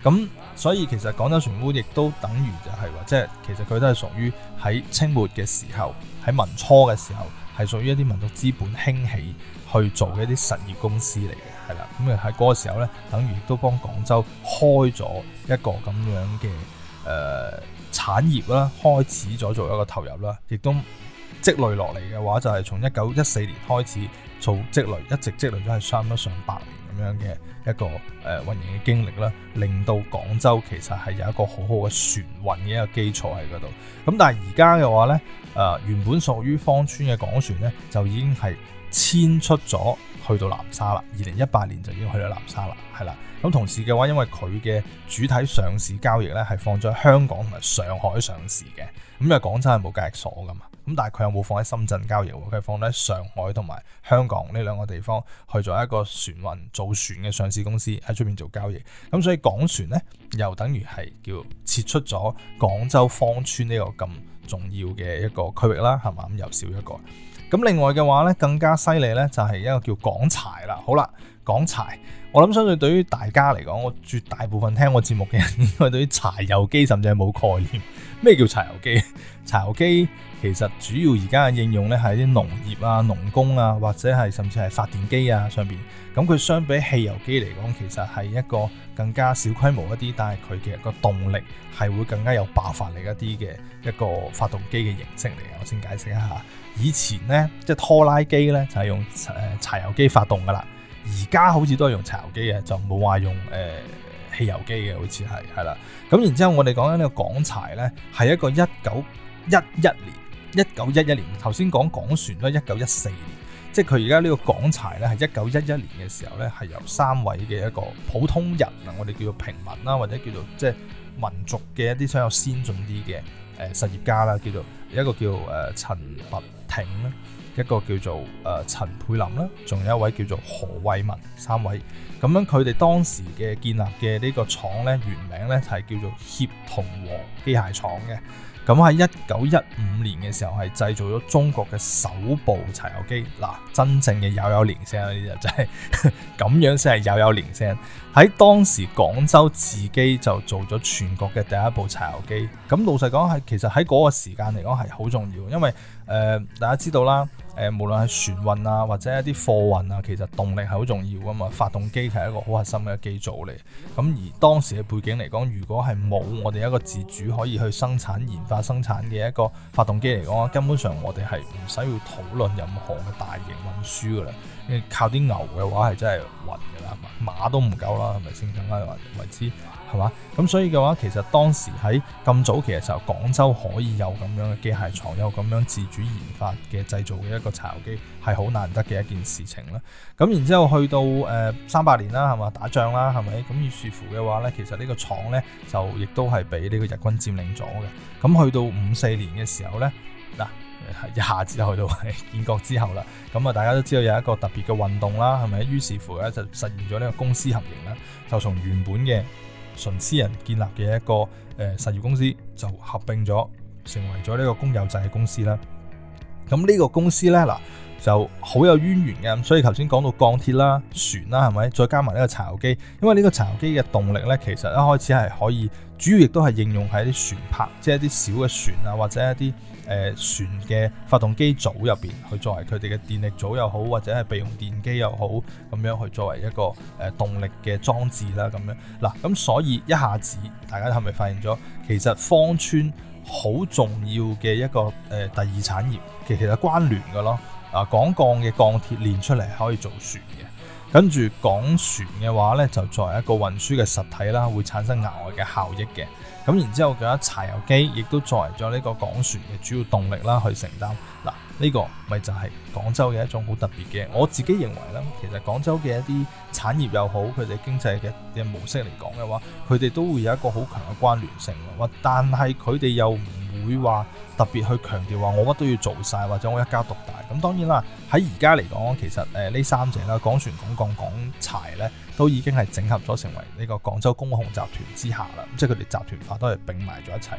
咁所以其實廣州船塢亦都等於就係、是、話，即係其實佢都係屬於喺清末嘅時候，喺民初嘅時候係屬於一啲民族資本興起去做一啲實業公司嚟嘅，係啦。咁喺嗰個時候咧，等於都幫廣州開咗一個咁樣嘅誒、呃、產業啦，開始咗做一個投入啦，亦都積累落嚟嘅話，就係從一九一四年開始做積累，一直積累咗係差不多上百年。咁樣嘅一個誒運營嘅經歷啦，令到廣州其實係有一個好好嘅船運嘅一個基礎喺嗰度。咁但係而家嘅話呢，誒、呃、原本屬於芳村嘅廣船呢，就已經係遷出咗去到南沙啦。二零一八年就已經去到南沙啦，係啦。咁同時嘅話，因為佢嘅主體上市交易呢，係放咗香港同埋上海上市嘅，咁因為廣州係冇交易所噶嘛。咁但係佢有冇放喺深圳交易？佢係放喺上海同埋香港呢兩個地方去做一個船運造船嘅上市公司喺出邊做交易。咁所以廣船呢，又等於係叫撤出咗廣州芳村呢個咁重要嘅一個區域啦，係嘛？咁又少一個。咁另外嘅話呢，更加犀利呢，就係一個叫廣柴啦。好啦，廣柴，我諗相對對於大家嚟講，我絕大部分聽我節目嘅人應該對於柴油機甚至係冇概念。咩叫柴油機？柴油機？其實主要而家嘅應用咧係啲農業啊、農工啊，或者係甚至係發電機啊上邊。咁佢相比汽油機嚟講，其實係一個更加小規模一啲，但係佢嘅個動力係會更加有爆發力一啲嘅一個發動機嘅形式嚟嘅。我先解釋一下。以前呢，即係拖拉機呢，就係用誒柴油機發動噶啦。而家好似都係用柴油機嘅，就冇話用誒、呃、汽油機嘅，好似係係啦。咁然之後，我哋講緊呢個廣柴呢，係一個一九一一年。一九一一年，頭先講廣船啦，一九一四年，即係佢而家呢個廣柴咧，係一九一一年嘅時候咧，係由三位嘅一個普通人啊，我哋叫做平民啦，或者叫做即係民族嘅一啲比較先進啲嘅誒實業家啦，叫做一個叫做誒、呃、陳拔廷啦，一個叫做誒、呃、陳沛霖啦，仲有一位叫做何渭民，三位咁樣佢哋當時嘅建立嘅呢個廠咧，原名咧係、就是、叫做協同和機械廠嘅。咁喺一九一五年嘅時候，係製造咗中國嘅首部柴油機。嗱、啊，真正嘅有有連聲啊！呢就真係咁樣先係有有連聲。喺、就是、 當時廣州自己就做咗全國嘅第一部柴油機。咁老實講，係其實喺嗰個時間嚟講係好重要，因為誒、呃、大家知道啦。誒，無論係船運啊，或者一啲貨運啊，其實動力係好重要㗎嘛，發動機係一個好核心嘅機組嚟。咁而當時嘅背景嚟講，如果係冇我哋一個自主可以去生產研發生產嘅一個發動機嚟講，根本上我哋係唔使要討論任何嘅大型運輸㗎喇，因為靠啲牛嘅話係真係運。馬都唔夠啦，係咪先？梗係未之，係嘛？咁所以嘅話，其實當時喺咁早期嘅時候，廣州可以有咁樣嘅機械廠，有咁樣自主研發嘅製造嘅一個柴油機，係好難得嘅一件事情啦。咁然之後去到誒三八年啦，係嘛？打仗啦，係咪？咁於是乎嘅話呢，其實呢個廠呢，就亦都係俾呢個日軍佔領咗嘅。咁去到五四年嘅時候呢。嗱。一下子就去到係建國之後啦，咁，啊，大家都知道有一個特別嘅運動啦，係咪？於是乎咧就實現咗呢個公私合營啦，就從原本嘅純私人建立嘅一個誒實業公司，就合併咗成為咗呢個公有制嘅公司啦。咁呢個公司呢，嗱，就好有淵源嘅，咁所以頭先講到鋼鐵啦、船啦，係咪？再加埋呢個柴油機，因為呢個柴油機嘅動力呢，其實一開始係可以，主要亦都係應用喺啲船泊，即係一啲小嘅船啊，或者一啲。誒、呃、船嘅發動機組入邊，去作為佢哋嘅電力組又好，或者係備用電機又好，咁樣去作為一個誒、呃、動力嘅裝置啦。咁樣嗱，咁、啊、所以一下子大家係咪發現咗，其實芳村好重要嘅一個誒、呃、第二產業，其實其實關聯嘅咯。啊，廣鋼嘅鋼鐵煉出嚟可以做船嘅，跟住廣船嘅話呢，就作為一個運輸嘅實體啦，會產生額外嘅效益嘅。咁然之後，佢一柴油機亦都作為咗呢個廣船嘅主要動力啦，去承擔。嗱，呢個咪就係廣州嘅一種好特別嘅。我自己認為啦，其實廣州嘅一啲產業又好，佢哋經濟嘅嘅模式嚟講嘅話，佢哋都會有一個好強嘅關聯性。但係佢哋又唔會話特別去強調話我乜都要做晒，或者我一家獨大。咁當然啦，喺而家嚟講，其實誒呢三者啦，廣船、廣鋼、廣柴呢。都已經係整合咗成為呢個廣州公控集團之下啦，即係佢哋集團化都係並埋咗一齊。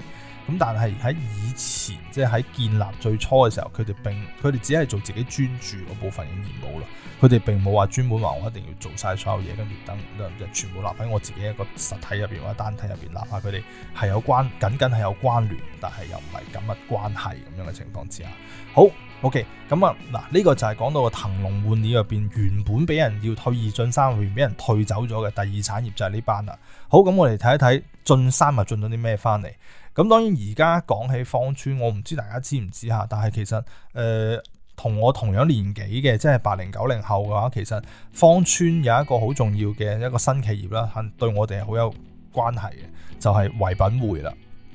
咁但係喺以前，即係喺建立最初嘅時候，佢哋並佢哋只係做自己專注嗰部分嘅業務啦。佢哋並冇話專門話我一定要做晒所有嘢，跟住等就全部立喺我自己一個實體入邊或者單體入邊立。啊，佢哋係有關僅僅係有關聯，但係又唔係咁嘅關係咁樣嘅情況之下，好。OK，咁啊，嗱、這、呢個就係講到個騰籠換鳥入邊，原本俾人要退二進三，入邊俾人退走咗嘅第二產業就係呢班啦。好，咁我哋睇一睇進三進，又進咗啲咩翻嚟？咁當然而家講起芳村，我唔知大家知唔知吓，但係其實誒同、呃、我同樣年紀嘅，即係八零九零後嘅話，其實芳村有一個好重要嘅一個新企業啦，對我哋係好有關係嘅，就係、是、唯品會啦。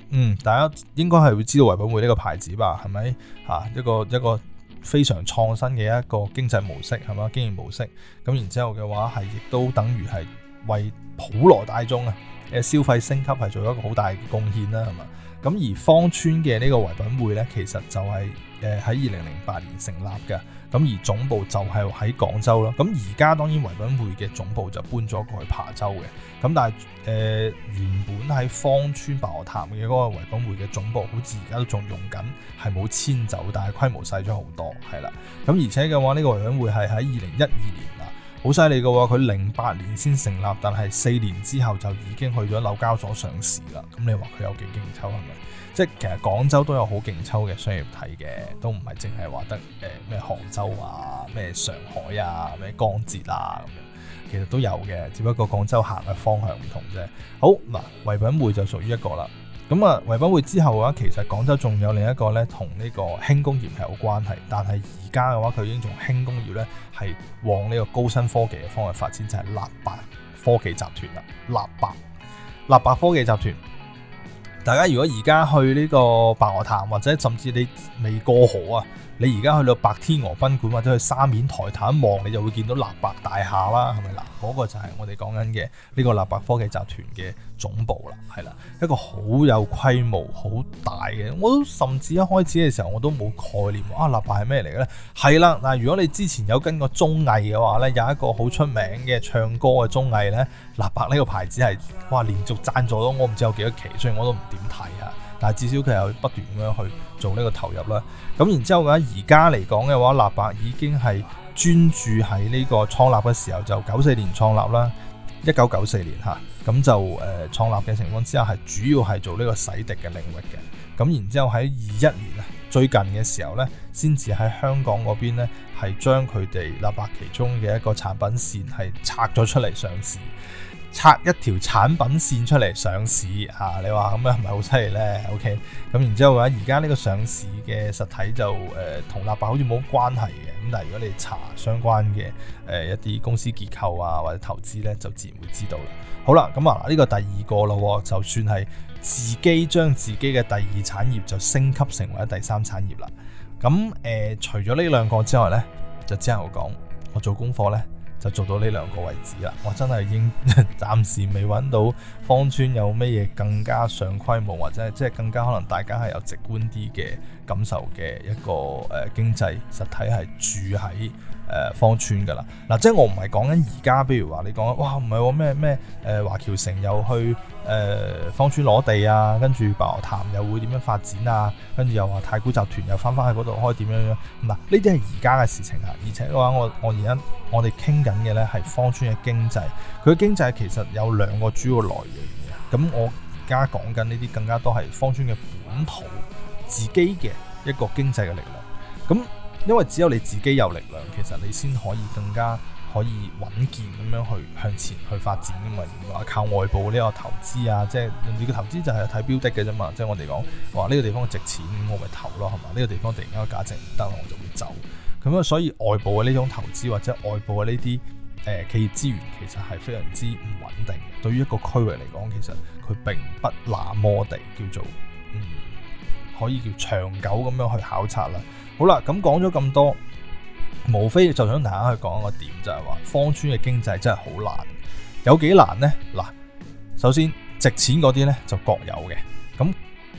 嗯，大家應該係會知道唯品會呢個牌子吧？係咪？嚇，一個一個非常創新嘅一個經濟模式係嘛，經營模式。咁然之後嘅話係亦都等於係為普羅大眾啊誒消費升級係做一個好大嘅貢獻啦，係嘛？咁而芳村嘅呢個唯品會呢，其實就係誒喺二零零八年成立嘅。咁而總部就係喺廣州咯，咁而家當然唯品會嘅總部就搬咗過去琶洲嘅，咁但係誒、呃、原本喺芳村白鵝潭嘅嗰個唯品會嘅總部好，好似而家都仲用緊，係冇遷走，但係規模細咗好多，係啦。咁而且嘅話，呢、呢個唯品會係喺二零一二年啊，好犀利嘅喎，佢零八年先成立，但係四年之後就已經去咗紐交所上市啦。咁你話佢有幾勁，抽？係咪？即係其實廣州都有好勁抽嘅商業體嘅，都唔係淨係話得誒咩、呃、杭州啊、咩上海啊、咩江浙啊咁樣，其實都有嘅，只不過廣州行嘅方向唔同啫。好嗱，唯品會就屬於一個啦。咁啊，唯品會之後嘅話，其實廣州仲有另一個呢，同呢個輕工業係有關係，但係而家嘅話佢已經從輕工業呢，係往呢個高新科技嘅方向發展，就係、是、立白科技集團啦。立白，立白科技集團。大家如果而家去呢個白鵝潭，或者甚至你未過河啊？你而家去到白天鵝賓館或者去沙面抬頭一望，你就會見到立白大廈啦，係咪嗱？嗰、嗰個就係我哋講緊嘅呢個立白科技集團嘅總部啦，係啦，一個好有規模、好大嘅。我都甚至一開始嘅時候我都冇概念，啊，立白係咩嚟嘅咧？係啦，嗱，如果你之前有跟過綜藝嘅話咧，有一個好出名嘅唱歌嘅綜藝咧，立白呢個牌子係哇，連續贊助咗我唔知有幾多期，所以我都唔點睇啊，但係至少佢有不斷咁樣去。做呢個投入啦，咁然之後嘅話，而家嚟講嘅話，立白已經係專注喺呢個創立嘅時候就九四年創立啦，一九九四年吓，咁就誒創立嘅情況之下，係主要係做呢個洗滌嘅領域嘅。咁然之後喺二一年啊，最近嘅時候呢，先至喺香港嗰邊呢，係將佢哋立白其中嘅一個產品線係拆咗出嚟上市。拆一條產品線出嚟上市，嚇、啊、你話咁樣係咪好犀利咧？OK，咁然之後嘅話，而家呢個上市嘅實體就誒同、呃、立白好似冇關係嘅，咁但係如果你查相關嘅誒、呃、一啲公司結構啊或者投資咧，就自然會知道啦。好啦，咁啊呢個第二個咯，就算係自己將自己嘅第二產業就升級成為第三產業啦。咁、嗯、誒、呃、除咗呢兩個之外咧，就之後講我，我做功課咧。就做到呢兩個位置啦！我真係已經暫時未揾到芳村有咩嘢更加上規模，或者係即係更加可能大家係有直觀啲嘅感受嘅一個誒、呃、經濟實體係住喺。誒芳、呃、村㗎啦，嗱、啊，即係我唔係講緊而家，比如話你講，哇，唔係喎咩咩，誒、呃、華僑城又去誒芳、呃、村攞地啊，跟住白鵝潭又會點樣發展啊，跟住又話太古集團又翻翻去嗰度開點樣樣，嗱、啊，呢啲係而家嘅事情啊，而且嘅話，我我而家我哋傾緊嘅咧係芳村嘅經濟，佢嘅經濟其實有兩個主要來源嘅，咁我而家講緊呢啲更加多係芳村嘅本土自己嘅一個經濟嘅力量，咁。因為只有你自己有力量，其實你先可以更加可以穩健咁樣去向前去發展噶嘛。你話靠外部呢個投資啊，即係你嘅投資就係睇標的嘅啫嘛。即係我哋講話，哇呢個地方值錢，我咪投咯，係嘛？呢個地方突然間個價值唔得，我就會走。咁啊，所以外部嘅呢種投資或者外部嘅呢啲誒企業資源，其實係非常之唔穩定。對於一個區域嚟講，其實佢並不那麼地叫做。可以叫長久咁樣去考察啦。好啦，咁講咗咁多，無非就想大家去講一個點，就係話芳村嘅經濟真係好難。有幾難呢？嗱，首先值錢嗰啲呢，就各有嘅國有嘅。咁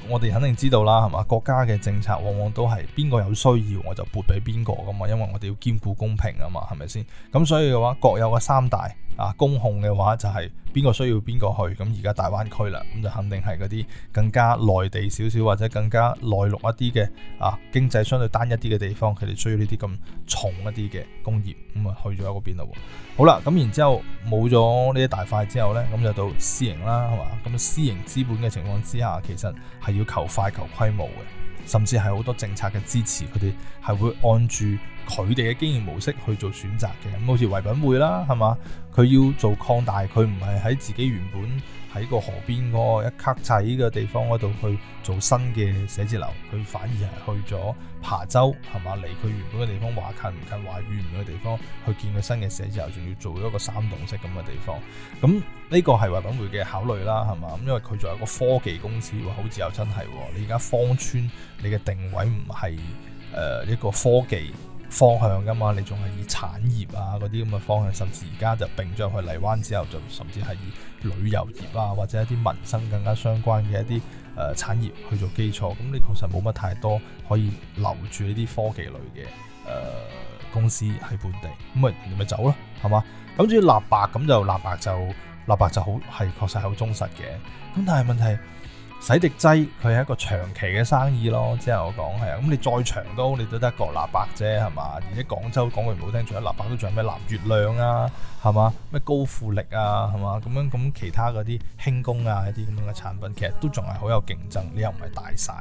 我哋肯定知道啦，係嘛？國家嘅政策往往都係邊個有需要我就撥俾邊個噶嘛，因為我哋要兼顧公平啊嘛，係咪先？咁所以嘅話，國有嘅三大。啊，公控嘅話就係邊個需要邊個去，咁而家大灣區啦，咁就肯定係嗰啲更加內地少少或者更加內陸一啲嘅啊，經濟相對單一啲嘅地方，佢哋需要呢啲咁重一啲嘅工業，咁啊去咗嗰邊咯。好啦，咁然之後冇咗呢啲大塊之後呢，咁就到私營啦，係嘛？咁私營資本嘅情況之下，其實係要求快求規模嘅。甚至係好多政策嘅支持，佢哋係會按住佢哋嘅經營模式去做選擇嘅。咁好似唯品會啦，係嘛？佢要做擴大，佢唔係喺自己原本。喺個河邊嗰一卡仔嘅地方嗰度去做新嘅寫字樓，佢反而係去咗琶洲係嘛？離佢原本嘅地方話近唔近，話遠唔遠嘅地方去建個新嘅寫字樓，仲要做一個三棟式咁嘅地方。咁呢個係唯品會嘅考慮啦，係嘛？咁因為佢仲有一個科技公司，好似又真係你而家芳村你嘅定位唔係誒呢個科技。方向噶嘛？你仲係以產業啊、嗰啲咁嘅方向，甚至而家就並咗去荔灣之後，就甚至係以旅遊業啊，或者一啲民生更加相關嘅一啲誒、呃、產業去做基礎。咁你確實冇乜太多可以留住呢啲科技類嘅誒、呃、公司喺本地，咁咪咪走咯，係嘛？咁至於立白咁就立白就立白就好係確實係好忠實嘅。咁但係問題。洗滌劑佢係一個長期嘅生意咯，之後我講係啊，咁你再長都你都得個立白啫，係嘛？而且廣州講句唔好聽，除咗立白都仲有咩藍月亮啊，係嘛？咩高富力啊，係嘛？咁樣咁其他嗰啲輕工啊一啲咁樣嘅產品，其實都仲係好有競爭，你又唔係大晒。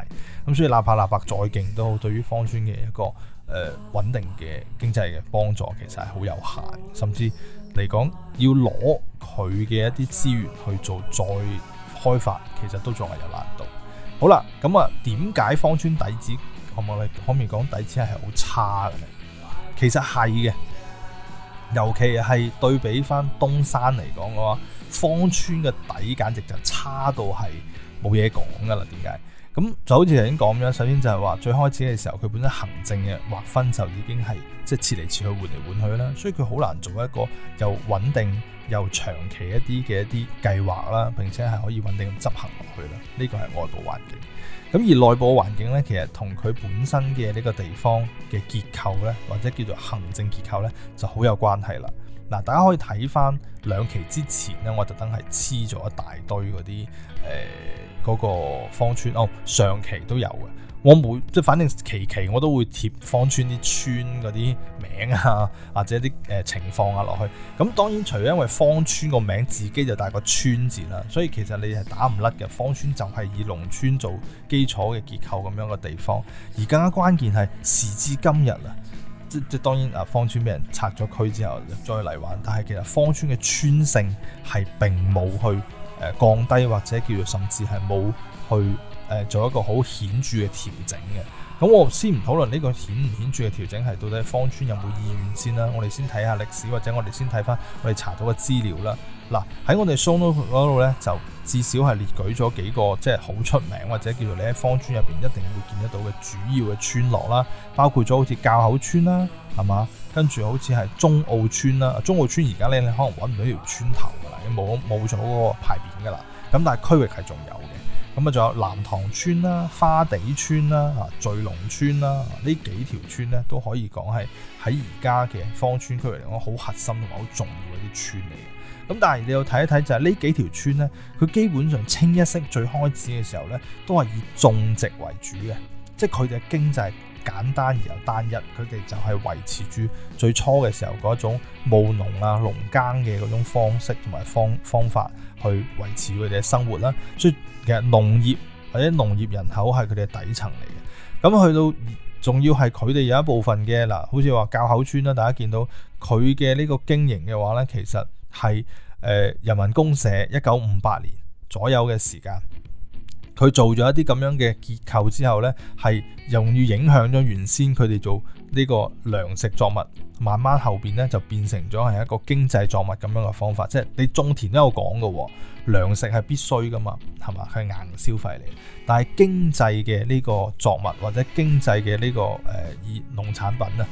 咁所以立白立白再勁都對於芳村嘅一個誒、呃、穩定嘅經濟嘅幫助其實係好有限，甚至嚟講要攞佢嘅一啲資源去做再。開發其實都仲係有難度。好啦，咁啊，點解芳村底子可唔可以可唔可以講底子係好差嘅咧？其實係嘅，尤其係對比翻東山嚟講嘅話，芳村嘅底簡直就差到係冇嘢講噶啦。點解？咁就好似頭先講咁樣，首先就係話最開始嘅時候，佢本身行政嘅劃分就已經係即係設嚟設去換嚟換去啦，所以佢好難做一個又穩定。又長期一啲嘅一啲計劃啦，並且係可以穩定咁執行落去啦。呢個係外部環境。咁而內部環境呢，其實同佢本身嘅呢個地方嘅結構呢，或者叫做行政結構呢，就好有關係啦。嗱，大家可以睇翻兩期之前呢，我特登係黐咗一大堆嗰啲誒嗰個芳村哦，上期都有嘅。我每即反正期期我都會貼芳村啲村嗰啲名啊，或者啲誒、呃、情況啊落去。咁當然除咗因為芳村個名自己就帶個村字啦，所以其實你係打唔甩嘅。芳村就係以農村做基礎嘅結構咁樣嘅地方。而更加關鍵係時至今日啊，即即當然啊，芳村俾人拆咗區之後再嚟玩，但係其實芳村嘅村性係並冇去誒、呃、降低或者叫做甚至係冇去。誒做一個好顯著嘅調整嘅，咁我先唔討論呢個顯唔顯著嘅調整係到底芳村有冇意願先啦。我哋先睇下歷史或者我哋先睇翻我哋查到嘅資料啦。嗱、啊、喺我哋 ShowNotes 嗰度呢，就至少係列舉咗幾個即係好出名或者叫做你喺芳村入邊一定會見得到嘅主要嘅村落啦，包括咗好似滘口村啦，係嘛？跟住好似係中澳村啦，中澳村而家呢，你可能揾唔到條村頭㗎喇，冇冇咗嗰個牌匾㗎喇。咁但係區域係仲有嘅。咁啊，仲有南塘村啦、花地村啦、啊聚龍村啦，呢幾條村咧都可以講係喺而家嘅芳村區嚟講好核心同埋好重要一啲村嚟嘅。咁但係你要睇一睇，就係呢幾條村咧，佢基本上清一色最開始嘅時候咧，都係以種植為主嘅，即係佢哋嘅經濟簡單而又單一，佢哋就係維持住最初嘅時候嗰種務農啊、農耕嘅嗰種方式同埋方方法。去維持佢哋嘅生活啦，所以其實農業或者農業人口係佢哋嘅底層嚟嘅。咁去到仲要係佢哋有一部分嘅嗱，好似話滘口村啦，大家見到佢嘅呢個經營嘅話咧，其實係誒、呃、人民公社一九五八年左右嘅時間。佢做咗一啲咁樣嘅結構之後呢，係容易影響咗原先佢哋做呢個糧食作物，慢慢後邊呢，就變成咗係一個經濟作物咁樣嘅方法。即係你種田都有講嘅喎，糧食係必須噶嘛，係嘛？佢係硬消費嚟，但係經濟嘅呢個作物或者經濟嘅呢個誒以、呃、農產品啊，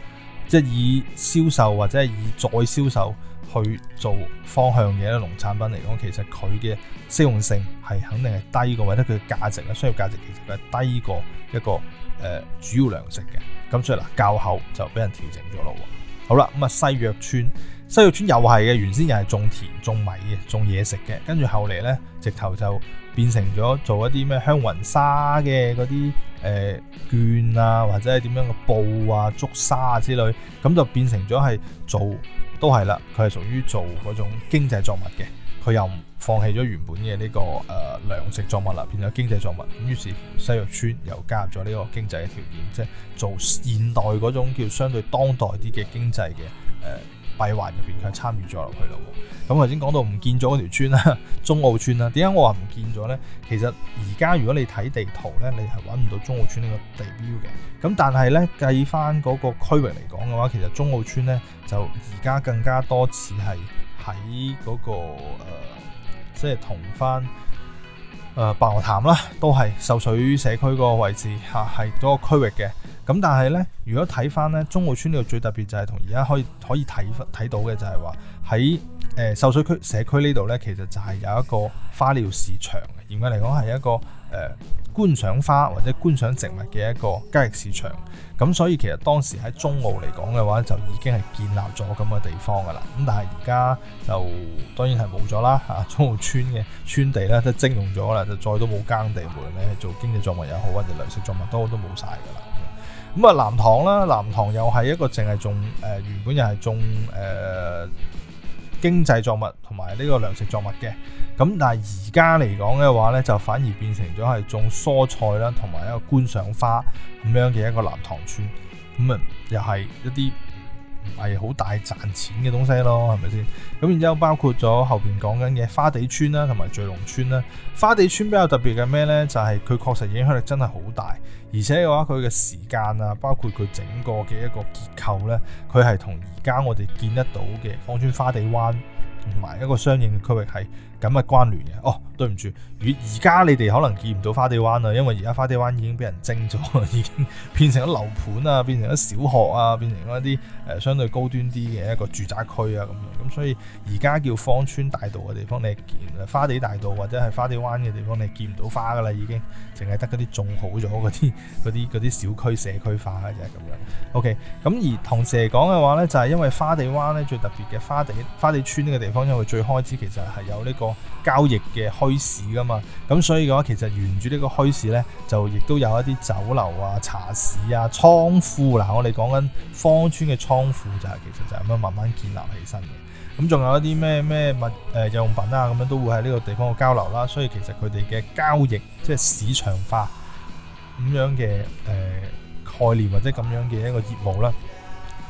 即係以銷售或者係以再銷售。去做方向嘅呢？農產品嚟講，其實佢嘅適用性係肯定係低過，或者佢嘅價值啊，商業價值其實係低過一個誒、呃、主要糧食嘅。咁所以嗱，滘口就俾人調整咗咯。好啦，咁啊西約村，西約村又係嘅，原先又係種田種米嘅，種嘢食嘅，跟住後嚟咧，直頭就變成咗做一啲咩香雲紗嘅嗰啲誒絹啊，或者係點樣嘅布啊、竹紗啊之類，咁就變成咗係做。都係啦，佢係屬於做嗰種經濟作物嘅，佢又放棄咗原本嘅呢、這個誒、呃、糧食作物啦，變咗經濟作物。於是西約村又加入咗呢個經濟嘅條件，即係做現代嗰種叫相對當代啲嘅經濟嘅誒。呃計劃入邊，佢參與咗落去咯。咁頭先講到唔見咗嗰條村啦，中澳村啦，點解我話唔見咗呢？其實而家如果你睇地圖呢，你係揾唔到中澳村呢個地標嘅。咁但係呢，計翻嗰個區域嚟講嘅話，其實中澳村呢就而家更加多似係喺嗰個誒、呃，即係同翻誒、呃、白鵝潭啦，都係秀水社區個位置吓係嗰個區域嘅。咁但係呢，如果睇翻呢，中澳村呢度最特別就係同而家可以可以睇睇到嘅就係話，喺誒秀水區社區呢度呢，其實就係有一個花鳥市場，嚴格嚟講係一個誒、呃、觀賞花或者觀賞植物嘅一個交易市場。咁所以其實當時喺中澳嚟講嘅話，就已經係建立咗咁嘅地方噶啦。咁但係而家就當然係冇咗啦嚇。中澳村嘅村地呢，都徵用咗啦，就再都冇耕地，無論你係做經濟作物又好，或者糧食作物，都都冇晒噶啦。咁啊，南塘啦，南塘又係一個淨係種誒、呃，原本又係種誒、呃、經濟作物同埋呢個糧食作物嘅。咁但係而家嚟講嘅話咧，就反而變成咗係種蔬菜啦，同埋一個觀賞花咁樣嘅一個南塘村。咁、嗯、啊，又係一啲唔係好大賺錢嘅東西咯，係咪先？咁然之後包括咗後邊講緊嘅花地村啦，同埋聚龍村啦。花地村比較特別嘅咩咧？就係、是、佢確實影響力真係好大。而且嘅話，佢嘅時間啊，包括佢整個嘅一個結構咧，佢係同而家我哋見得到嘅芳村花地灣同埋一個相應嘅區域係咁嘅關聯嘅哦，對唔住，而而家你哋可能見唔到花地灣啦，因為而家花地灣已經俾人徵咗，已經變成咗樓盤啊，變成咗小學啊，變成咗一啲誒相對高端啲嘅一個住宅區啊，咁樣咁、嗯，所以而家叫芳村大道嘅地方，你見花地大道或者係花地灣嘅地方，你係見唔到花噶啦，已經淨係得嗰啲種好咗嗰啲嗰啲嗰啲小區社區化嘅啫咁樣。OK，咁而同時嚟講嘅話咧，就係、係、因為花地灣咧最特別嘅花地花地村呢個地方，因為佢最開始其實係有呢、呢個。交易嘅墟市噶嘛，咁所以嘅話，其實沿住呢個墟市呢，就亦都有一啲酒樓啊、茶市啊、倉庫嗱、啊，我哋講緊芳村嘅倉庫就係、是，其實就咁樣慢慢建立起身嘅。咁仲有一啲咩咩物誒日、呃、用品啊，咁樣都會喺呢個地方嘅交流啦。所以其實佢哋嘅交易即係市場化咁樣嘅誒、呃、概念或者咁樣嘅一個業務啦，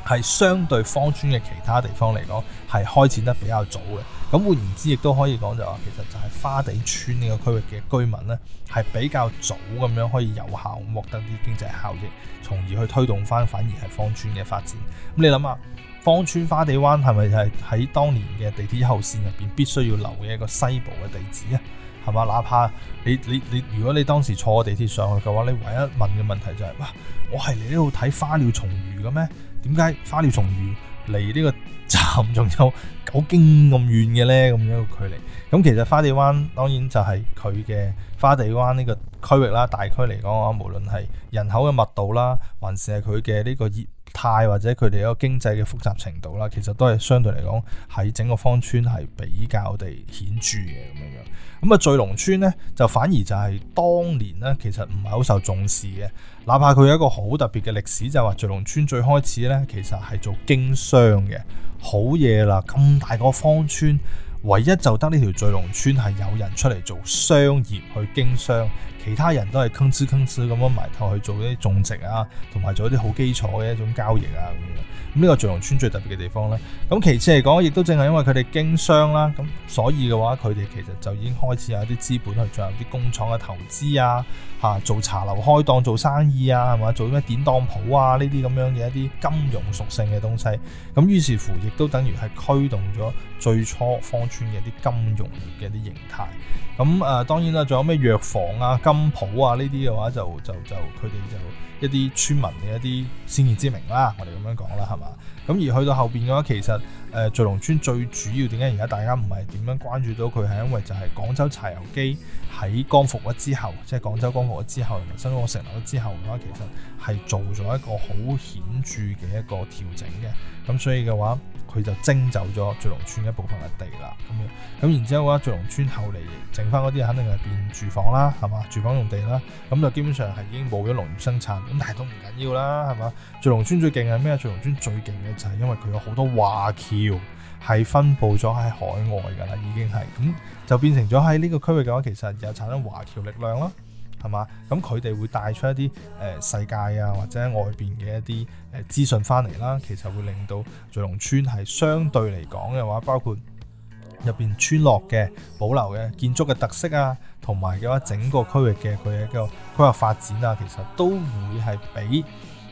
係相對芳村嘅其他地方嚟講，係開展得比較早嘅。咁換言之，亦都可以講就話，其實就係花地村呢個區域嘅居民呢，係比較早咁樣可以有效獲得啲經濟效益，從而去推動翻反而係芳村嘅發展。咁、嗯、你諗下，芳村花地灣係咪係喺當年嘅地鐵一號線入邊必須要留嘅一個西部嘅地址啊？係嘛？哪怕你你你，如果你當時坐地鐵上去嘅話，你唯一問嘅問題就係、是、哇，我係嚟呢度睇花鳥蟲魚嘅咩？點解花鳥蟲魚嚟呢、這個？站仲有九經咁遠嘅咧，咁樣一個距離。咁其實花地灣當然就係佢嘅花地灣呢個區域啦、大區嚟講，無論係人口嘅密度啦，還是係佢嘅呢個業態或者佢哋一個經濟嘅複雜程度啦，其實都係相對嚟講喺整個芳村係比較地顯著嘅咁樣。咁啊，聚龍村呢，就反而就係當年呢，其實唔係好受重視嘅，哪怕佢有一個好特別嘅歷史，就話聚龍村最開始呢，其實係做經商嘅。好嘢啦！咁大個芳村，唯一就得呢條聚龍村係有人出嚟做商業去經商。其他人都係吭哧吭哧咁樣埋頭去做啲種植啊，同埋做啲好基礎嘅一種交易啊咁樣。咁、嗯、呢、這個聚龍村最特別嘅地方咧，咁其次嚟講，亦都正係因為佢哋經商啦、啊，咁所以嘅話，佢哋其實就已經開始有一啲資本去進入啲工廠嘅投資啊，嚇、啊、做茶樓開檔做生意啊，係嘛，做咩典當鋪啊呢啲咁樣嘅一啲金融屬性嘅東西。咁於是乎，亦都等於係驅動咗最初芳村嘅啲金融業嘅啲形態。咁誒、啊，當然啦，仲有咩藥房啊，金金浦啊，呢啲嘅話就就就佢哋就一啲村民嘅一啲先見之明啦，我哋咁樣講啦，係嘛？咁而去到後邊嘅話，其實誒聚龍村最主要點解而家大家唔係點樣關注到佢，係因為就係廣州柴油機喺光復咗之後，即係廣州光復咗之後，新中國成立咗之後嘅話，其實係做咗一個好顯著嘅一個調整嘅，咁所以嘅話。佢就徵走咗聚龍村一部分嘅地啦，咁樣咁然之後嘅話，聚龍村後嚟剩翻嗰啲，肯定係變住房啦，係嘛？住房用地啦，咁就基本上係已經冇咗農業生產，咁但係都唔緊要啦，係嘛，聚龍村最勁係咩？聚龍村最勁嘅就係因為佢有好多華僑係分布咗喺海外噶啦，已經係，咁就變成咗喺呢個區域嘅話，其實又產生華僑力量啦。係嘛？咁佢哋會帶出一啲誒世界啊，或者外邊嘅一啲誒資訊翻嚟啦。其實會令到聚龍村係相對嚟講嘅話，包括入邊村落嘅保留嘅建築嘅特色啊，同埋嘅話整個區域嘅佢嘅一個規劃發展啊，其實都會係比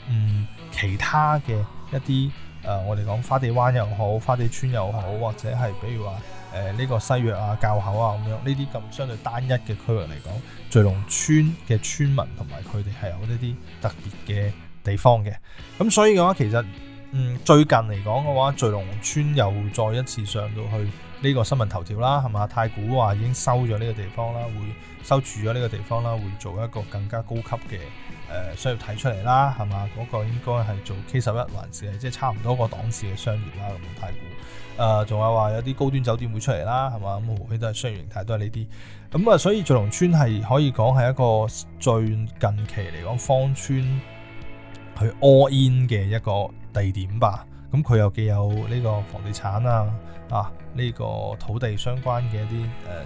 嗯其他嘅一啲誒、呃，我哋講花地灣又好，花地村又好，或者係比如話誒呢個西約啊、滘口啊咁樣呢啲咁相對單一嘅區域嚟講。聚龍村嘅村民同埋佢哋係有呢啲特別嘅地方嘅，咁所以嘅話其實，嗯最近嚟講嘅話，聚龍村又再一次上到去呢個新聞頭條啦，係嘛？太古話已經收咗呢個地方啦，會收住咗呢個地方啦，會做一個更加高級嘅誒、呃、商業體出嚟啦，係嘛？嗰、那個應該係做 K11，還是係即係差唔多個檔次嘅商業啦，咁太古。誒，仲、呃、有話有啲高端酒店會出嚟啦，係嘛？咁、嗯、無非都係商業形態，都係呢啲。咁、嗯、啊，所以聚龍村係可以講係一個最近期嚟講，芳村去 all in 嘅一個地點吧。咁佢又既有呢個房地產啊，啊呢、這個土地相關嘅一啲誒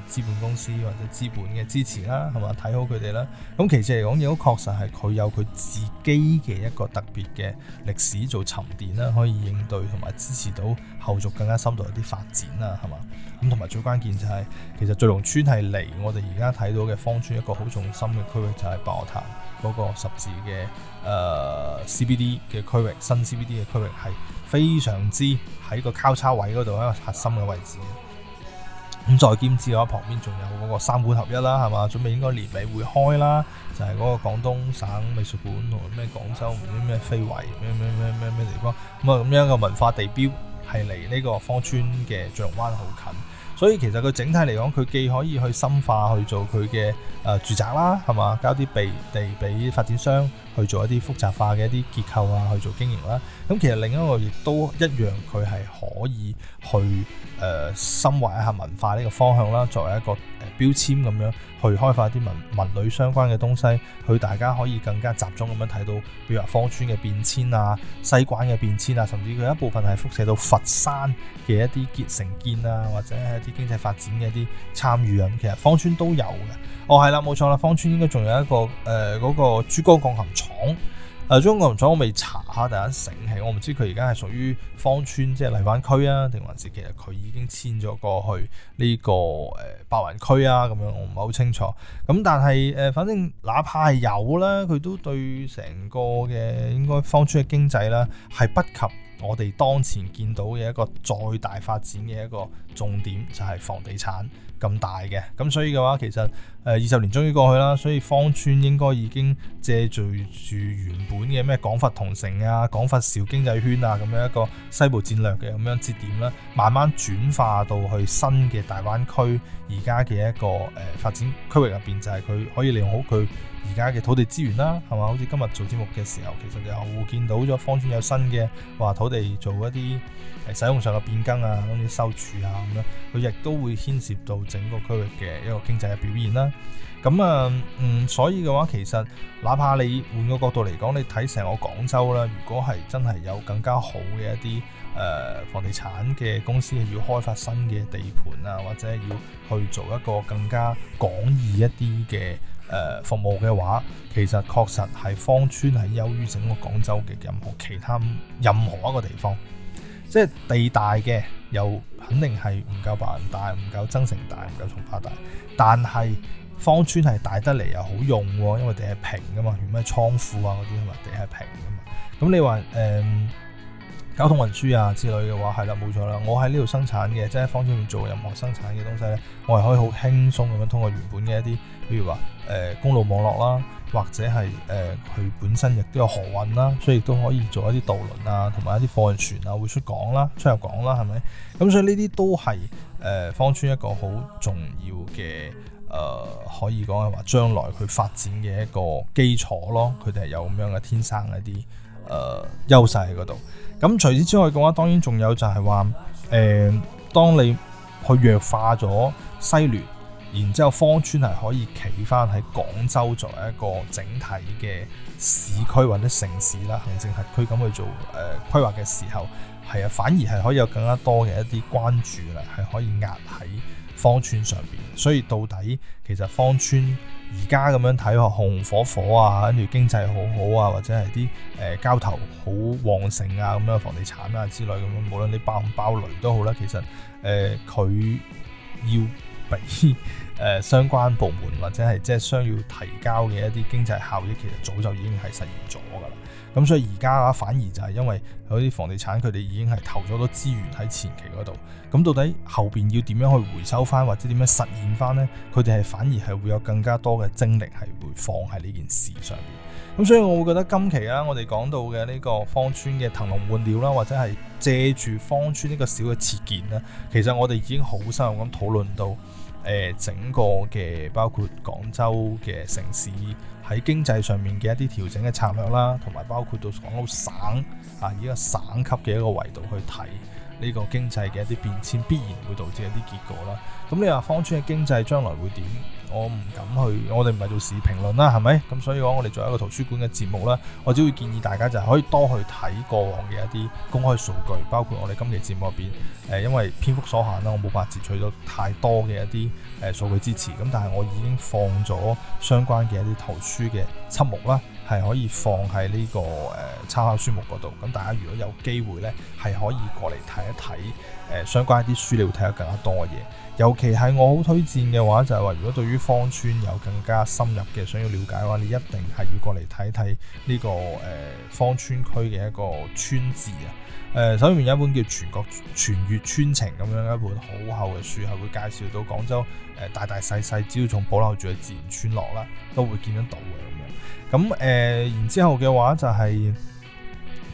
資本公司或者資本嘅支持啦、啊，係嘛，睇好佢哋啦。咁其實嚟講，如果確實係佢有佢自己嘅一個特別嘅歷史做沉澱啦、啊，可以應對同埋支持到後續更加深度一啲發展啦、啊，係嘛，咁同埋最關鍵就係、是、其實聚龍村係嚟我哋而家睇到嘅芳村一個好重心嘅區域，就係、是、白鵝潭嗰個十字嘅誒、呃、C B D 嘅區域，新 C B D 嘅區域係。非常之喺個交叉位嗰度，一個核心嘅位置。咁再兼之嘅話，旁邊仲有嗰個三館合一啦，係嘛？準備應該年尾會開啦，就係、是、嗰個廣東省美術館同咩廣州唔知咩非遺咩咩咩咩咩地方。咁啊咁樣嘅文化地標係離呢個芳村嘅聚龍灣好近。所以其實佢整體嚟講，佢既可以去深化去做佢嘅誒住宅啦，係嘛，交啲地地俾發展商去做一啲複雜化嘅一啲結構啊，去做經營啦。咁其實另一個亦都一樣，佢係可以去誒、呃、深挖一下文化呢個方向啦，作為一個，標籤咁樣去開發啲文文旅相關嘅東西，佢大家可以更加集中咁樣睇到，比如話芳村嘅變遷啊、西關嘅變遷啊，甚至佢一部分係輻射到佛山嘅一啲結成建啊，或者係一啲經濟發展嘅一啲參與啊。其實芳村都有嘅。哦，係啦，冇錯啦，芳村應該仲有一個誒嗰、呃嗰個珠江鋼琴廠。誒、啊、中國銀行，我未查下，突然醒起，我唔知佢而家係屬於芳村即係荔灣區啊，定還是其實佢已經遷咗過去呢、這個誒、呃、白雲區啊？咁樣我唔係好清楚。咁但係誒、呃，反正哪怕係有啦，佢都對成個嘅應該芳村嘅經濟啦，係不及我哋當前見到嘅一個再大發展嘅一個重點，就係、是、房地產咁大嘅。咁所以嘅話，其實。誒、二十年終於過去啦，所以芳村應該已經借助住原本嘅咩廣佛同城啊、廣佛肇經濟圈啊咁樣一個西部戰略嘅咁樣節點啦，慢慢轉化到去新嘅大灣區而家嘅一個誒、呃、發展區域入邊，就係佢可以利用好佢而家嘅土地資源啦、啊，係嘛？好似今日做節目嘅時候，其實又會見到咗芳村有新嘅話土地做一啲使用上嘅變更啊，咁啲收儲啊咁樣，佢亦都會牽涉到整個區域嘅一個經濟嘅表現啦、啊。咁啊，嗯，所以嘅話，其實哪怕你換個角度嚟講，你睇成個廣州啦，如果係真係有更加好嘅一啲誒、呃、房地產嘅公司要開發新嘅地盤啊，或者要去做一個更加廣義一啲嘅誒服務嘅話，其實確實係芳村係優於整個廣州嘅任何其他任何一個地方，即係地大嘅，又肯定係唔夠白雲大，唔夠增城大，唔夠從化大，但係，芳村係大得嚟，又好用喎，因為地係平噶嘛，連咩倉庫啊嗰啲，地係平噶嘛。咁你話誒、嗯、交通運輸啊之類嘅話，係啦冇錯啦。我喺呢度生產嘅，即係芳村做任何生產嘅東西咧，我係可以好輕鬆咁樣通過原本嘅一啲，譬如話誒、呃、公路網絡啦，或者係誒佢本身亦都有河運啦，所以亦都可以做一啲渡輪啊，同埋一啲貨運船啊，會出港啦，出入港啦，係咪？咁所以呢啲都係誒芳村一個好重要嘅。誒、呃、可以講係話將來佢發展嘅一個基礎咯，佢哋係有咁樣嘅天生一啲誒、呃、優勢喺嗰度。咁除此之外嘅話，當然仲有就係話誒，當你去弱化咗西聯，然之後芳村係可以企翻喺廣州作為一個整體嘅市區或者城市啦、行政轄區咁去做誒、呃、規劃嘅時候，係啊，反而係可以有更加多嘅一啲關注啦，係可以壓喺。芳村上邊，所以到底其實芳村而家咁樣睇，嗬紅紅火火啊，跟住經濟好好啊，或者係啲誒交投好旺盛啊咁樣房地產啊之類咁樣，無論你爆唔爆雷都好啦，其實，誒、呃，佢要俾誒、呃、相關部門或者係即係需要提交嘅一啲經濟效益，其實早就已經係實現咗㗎啦。咁所以而家嘅反而就係因為有啲房地產佢哋已經係投咗多資源喺前期嗰度。咁到底後邊要點樣去回收翻，或者點樣實現翻咧？佢哋係反而係會有更加多嘅精力係會放喺呢件事上邊，咁所以我會覺得今期啊，我哋講到嘅呢個芳村嘅騰籠換鳥啦，或者係借住芳村呢個小嘅設建啦，其實我哋已經好深入咁討論到誒、呃、整個嘅包括廣州嘅城市。喺經濟上面嘅一啲調整嘅策略啦，同埋包括到港澳省啊，以一個省級嘅一個維度去睇呢個經濟嘅一啲變遷，必然會導致一啲結果啦。咁你話芳村嘅經濟將來會點？我唔敢去，我哋唔係做時評論啦，係咪？咁所以講，我哋作為一個圖書館嘅節目啦，我只會建議大家就係可以多去睇過往嘅一啲公開數據，包括我哋今期節目入邊。誒，因為篇幅所限啦，我冇辦法截取到太多嘅一啲誒數據支持。咁但係，我已經放咗相關嘅一啲圖書嘅輯目啦，係可以放喺呢個誒參考書目嗰度。咁大家如果有機會呢，係可以過嚟睇一睇誒相關一啲書，你會睇得更加多嘅嘢。尤其係我好推薦嘅話，就係話如果對於芳村有更加深入嘅想要了解嘅話，你一定係要過嚟睇睇呢個誒芳村區嘅一個村字啊！誒，首先有一本叫《全國全粵村情》咁樣一本好厚嘅書，係會介紹到廣州誒大大細細，只要仲保留住嘅自然村落啦，都會見得到嘅咁樣。咁誒，然之後嘅話就係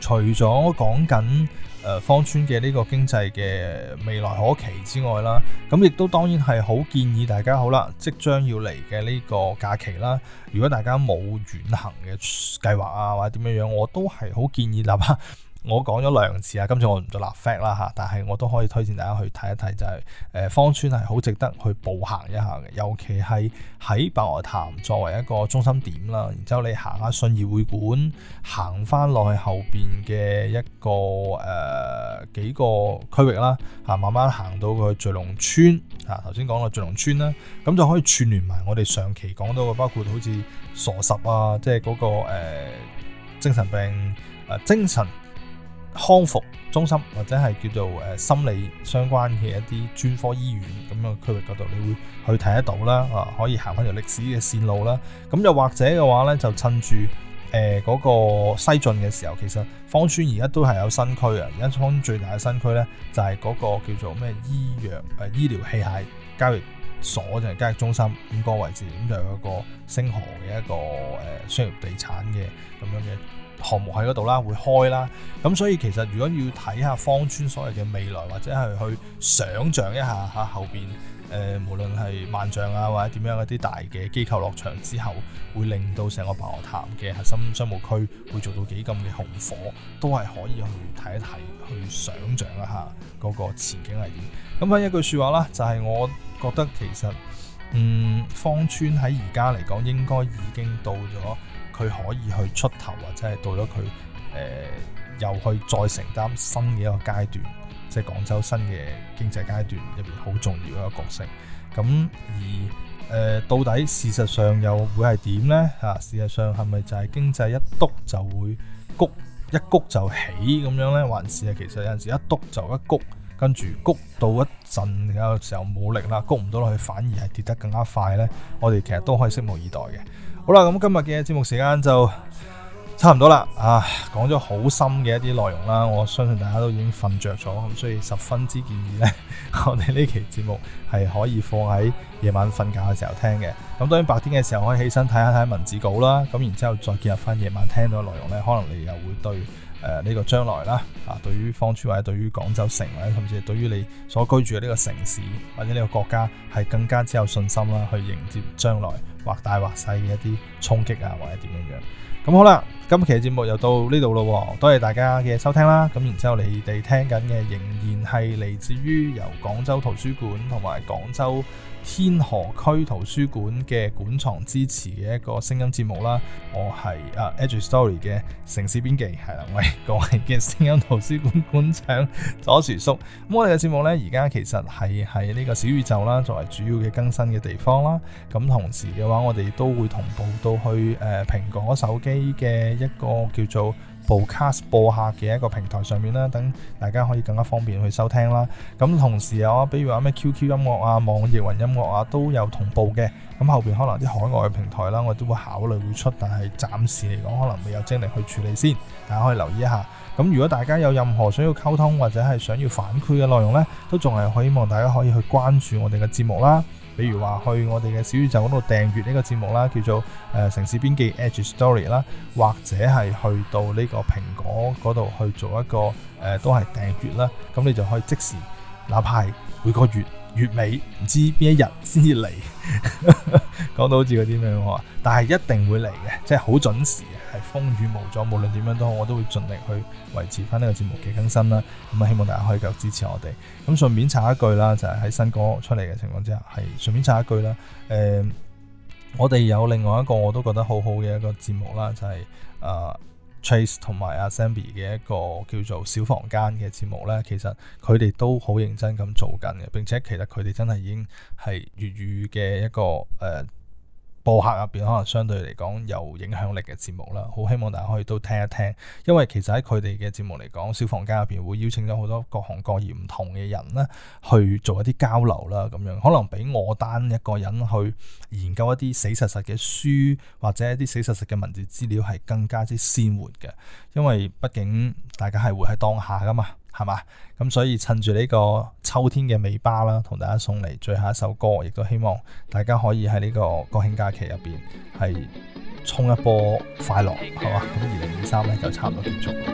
除咗講緊誒芳村嘅呢個經濟嘅未來可期之外啦，咁亦都當然係好建議大家好啦，即將要嚟嘅呢個假期啦，如果大家冇遠行嘅計劃啊或者點樣樣，我都係好建議立下。我講咗兩次啊，今次我唔做立 flag 啦嚇，但係我都可以推薦大家去睇一睇、就是，就係誒芳村係好值得去步行一下嘅，尤其係喺白鵝潭作為一個中心點啦，然之後你行下信義會館，行翻落去後邊嘅一個誒、呃、幾個區域啦，嚇、啊、慢慢行到去聚龍村，嚇頭先講到聚龍村啦，咁就可以串聯埋我哋上期講到嘅，包括好似傻十啊，即係嗰個、呃、精神病啊、呃、精神康復中心或者係叫做誒、呃、心理相關嘅一啲專科醫院咁樣區域度，你會去睇得到啦，啊、可以行翻條歷史嘅線路啦。咁又或者嘅話呢，就趁住誒嗰個西進嘅時候，其實芳村而家都係有新區啊。而家芳村最大嘅新區呢，就係、是、嗰個叫做咩醫藥誒、呃、醫療器械交易所就係、是、交易中心咁、那個位置，咁就有一個星河嘅一個誒、呃、商業地產嘅咁樣嘅。項目喺嗰度啦，會開啦，咁所以其實如果要睇下芳村所謂嘅未來，或者係去想像一下吓後邊，誒、呃、無論係萬象啊，或者點樣一啲大嘅機構落場之後，會令到成個白鵝潭嘅核心商務區會做到幾咁嘅紅火，都係可以去睇一睇，去想像一下嗰個前景係點。咁翻一句説話啦，就係、是、我覺得其實，嗯，芳村喺而家嚟講，應該已經到咗。佢可以去出頭，或者係到咗佢誒又去再承擔新嘅一個階段，即係廣州新嘅經濟階段入面好重要一個角色。咁而誒到底事實上又會係點呢？嚇，事實上係咪就係經濟一篤就會谷，一谷就起咁樣呢？還是其實有陣時一篤就一谷，跟住谷到一陣嘅時候冇力啦，谷唔到落去反而係跌得更加快呢？我哋其實都可以拭目以待嘅。好啦，咁今日嘅節目時間就差唔多啦，啊，講咗好深嘅一啲內容啦，我相信大家都已經瞓着咗，咁所以十分之建議呢，我哋呢期節目係可以放喺夜晚瞓覺嘅時候聽嘅，咁當然白天嘅時候可以起身睇下睇下文字稿啦，咁然之後再結合翻夜晚聽到嘅內容呢，可能你又會對誒呢、呃這個將來啦。啊！對於芳村或者對於廣州城，或者甚至係對於你所居住嘅呢個城市或者呢個國家，係更加之有信心啦，去迎接將來或大或細嘅一啲衝擊啊，或者點樣樣。咁好啦，今期嘅節目又到呢度咯，多謝大家嘅收聽啦。咁然之後，你哋聽緊嘅仍然係嚟自於由廣州圖書館同埋廣州。天河區圖書館嘅館藏支持嘅一個聲音節目啦，我係啊 Edge Story 嘅城事邊記，係啦，我係各位嘅聲音圖書館館長左樹叔。咁我哋嘅節目呢，而家其實係喺呢個小宇宙啦，作為主要嘅更新嘅地方啦。咁同時嘅話，我哋都會同步到去誒、呃、蘋果手機嘅一個叫做部 cast 播客嘅一個平台上面啦，等大家可以更加方便去收聽啦。咁同時啊，比如話咩 QQ 音樂啊、網易雲音樂啊，都有同步嘅。咁後邊可能啲海外嘅平台啦，我都會考慮會出，但係暫時嚟講可能未有精力去處理先。大家可以留意一下。咁如果大家有任何想要溝通或者係想要反饋嘅內容咧，都仲係希望大家可以去關注我哋嘅節目啦。比如話去我哋嘅小宇宙嗰度訂閱呢個節目啦，叫做誒、呃、城事邊記 Edge Story 啦，或者係去到呢個蘋果嗰度去做一個誒、呃，都係訂閱啦，咁你就可以即時，哪怕係每個月，月尾唔知邊一日先至嚟，講 到好似嗰啲咩咁，但係一定會嚟嘅，即係好準時嘅，係風雨無阻，無論點樣都好，我都會盡力去維持翻呢個節目嘅更新啦。咁啊，希望大家可以繼續支持我哋。咁順便插一句啦，就係、是、喺新歌出嚟嘅情況之下，係順便插一句啦。誒、呃，我哋有另外一個我都覺得好好嘅一個節目啦，就係、是、誒。呃 Trace 同埋阿 Sammy 嘅一個叫做小房間嘅節目咧，其實佢哋都好認真咁做緊嘅，並且其實佢哋真係已經係粵語嘅一個誒。呃播客入邊可能相對嚟講有影響力嘅節目啦，好希望大家可以都聽一聽，因為其實喺佢哋嘅節目嚟講，小房間入邊會邀請咗好多各行各業唔同嘅人咧，去做一啲交流啦，咁樣可能比我單一個人去研究一啲死實實嘅書或者一啲死實實嘅文字資料係更加之鮮活嘅，因為畢竟大家係活喺當下噶嘛。係嘛？咁所以趁住呢個秋天嘅尾巴啦，同大家送嚟最後一首歌，亦都希望大家可以喺呢個國慶假期入邊係衝一波快樂，好嘛？咁二零二三咧就差唔多結束啦。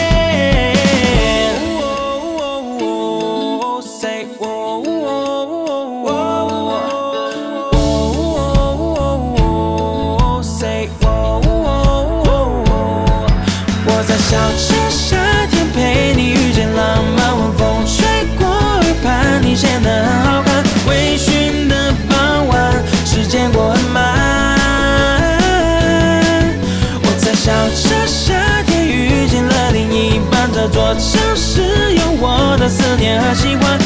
的思念和喜歡。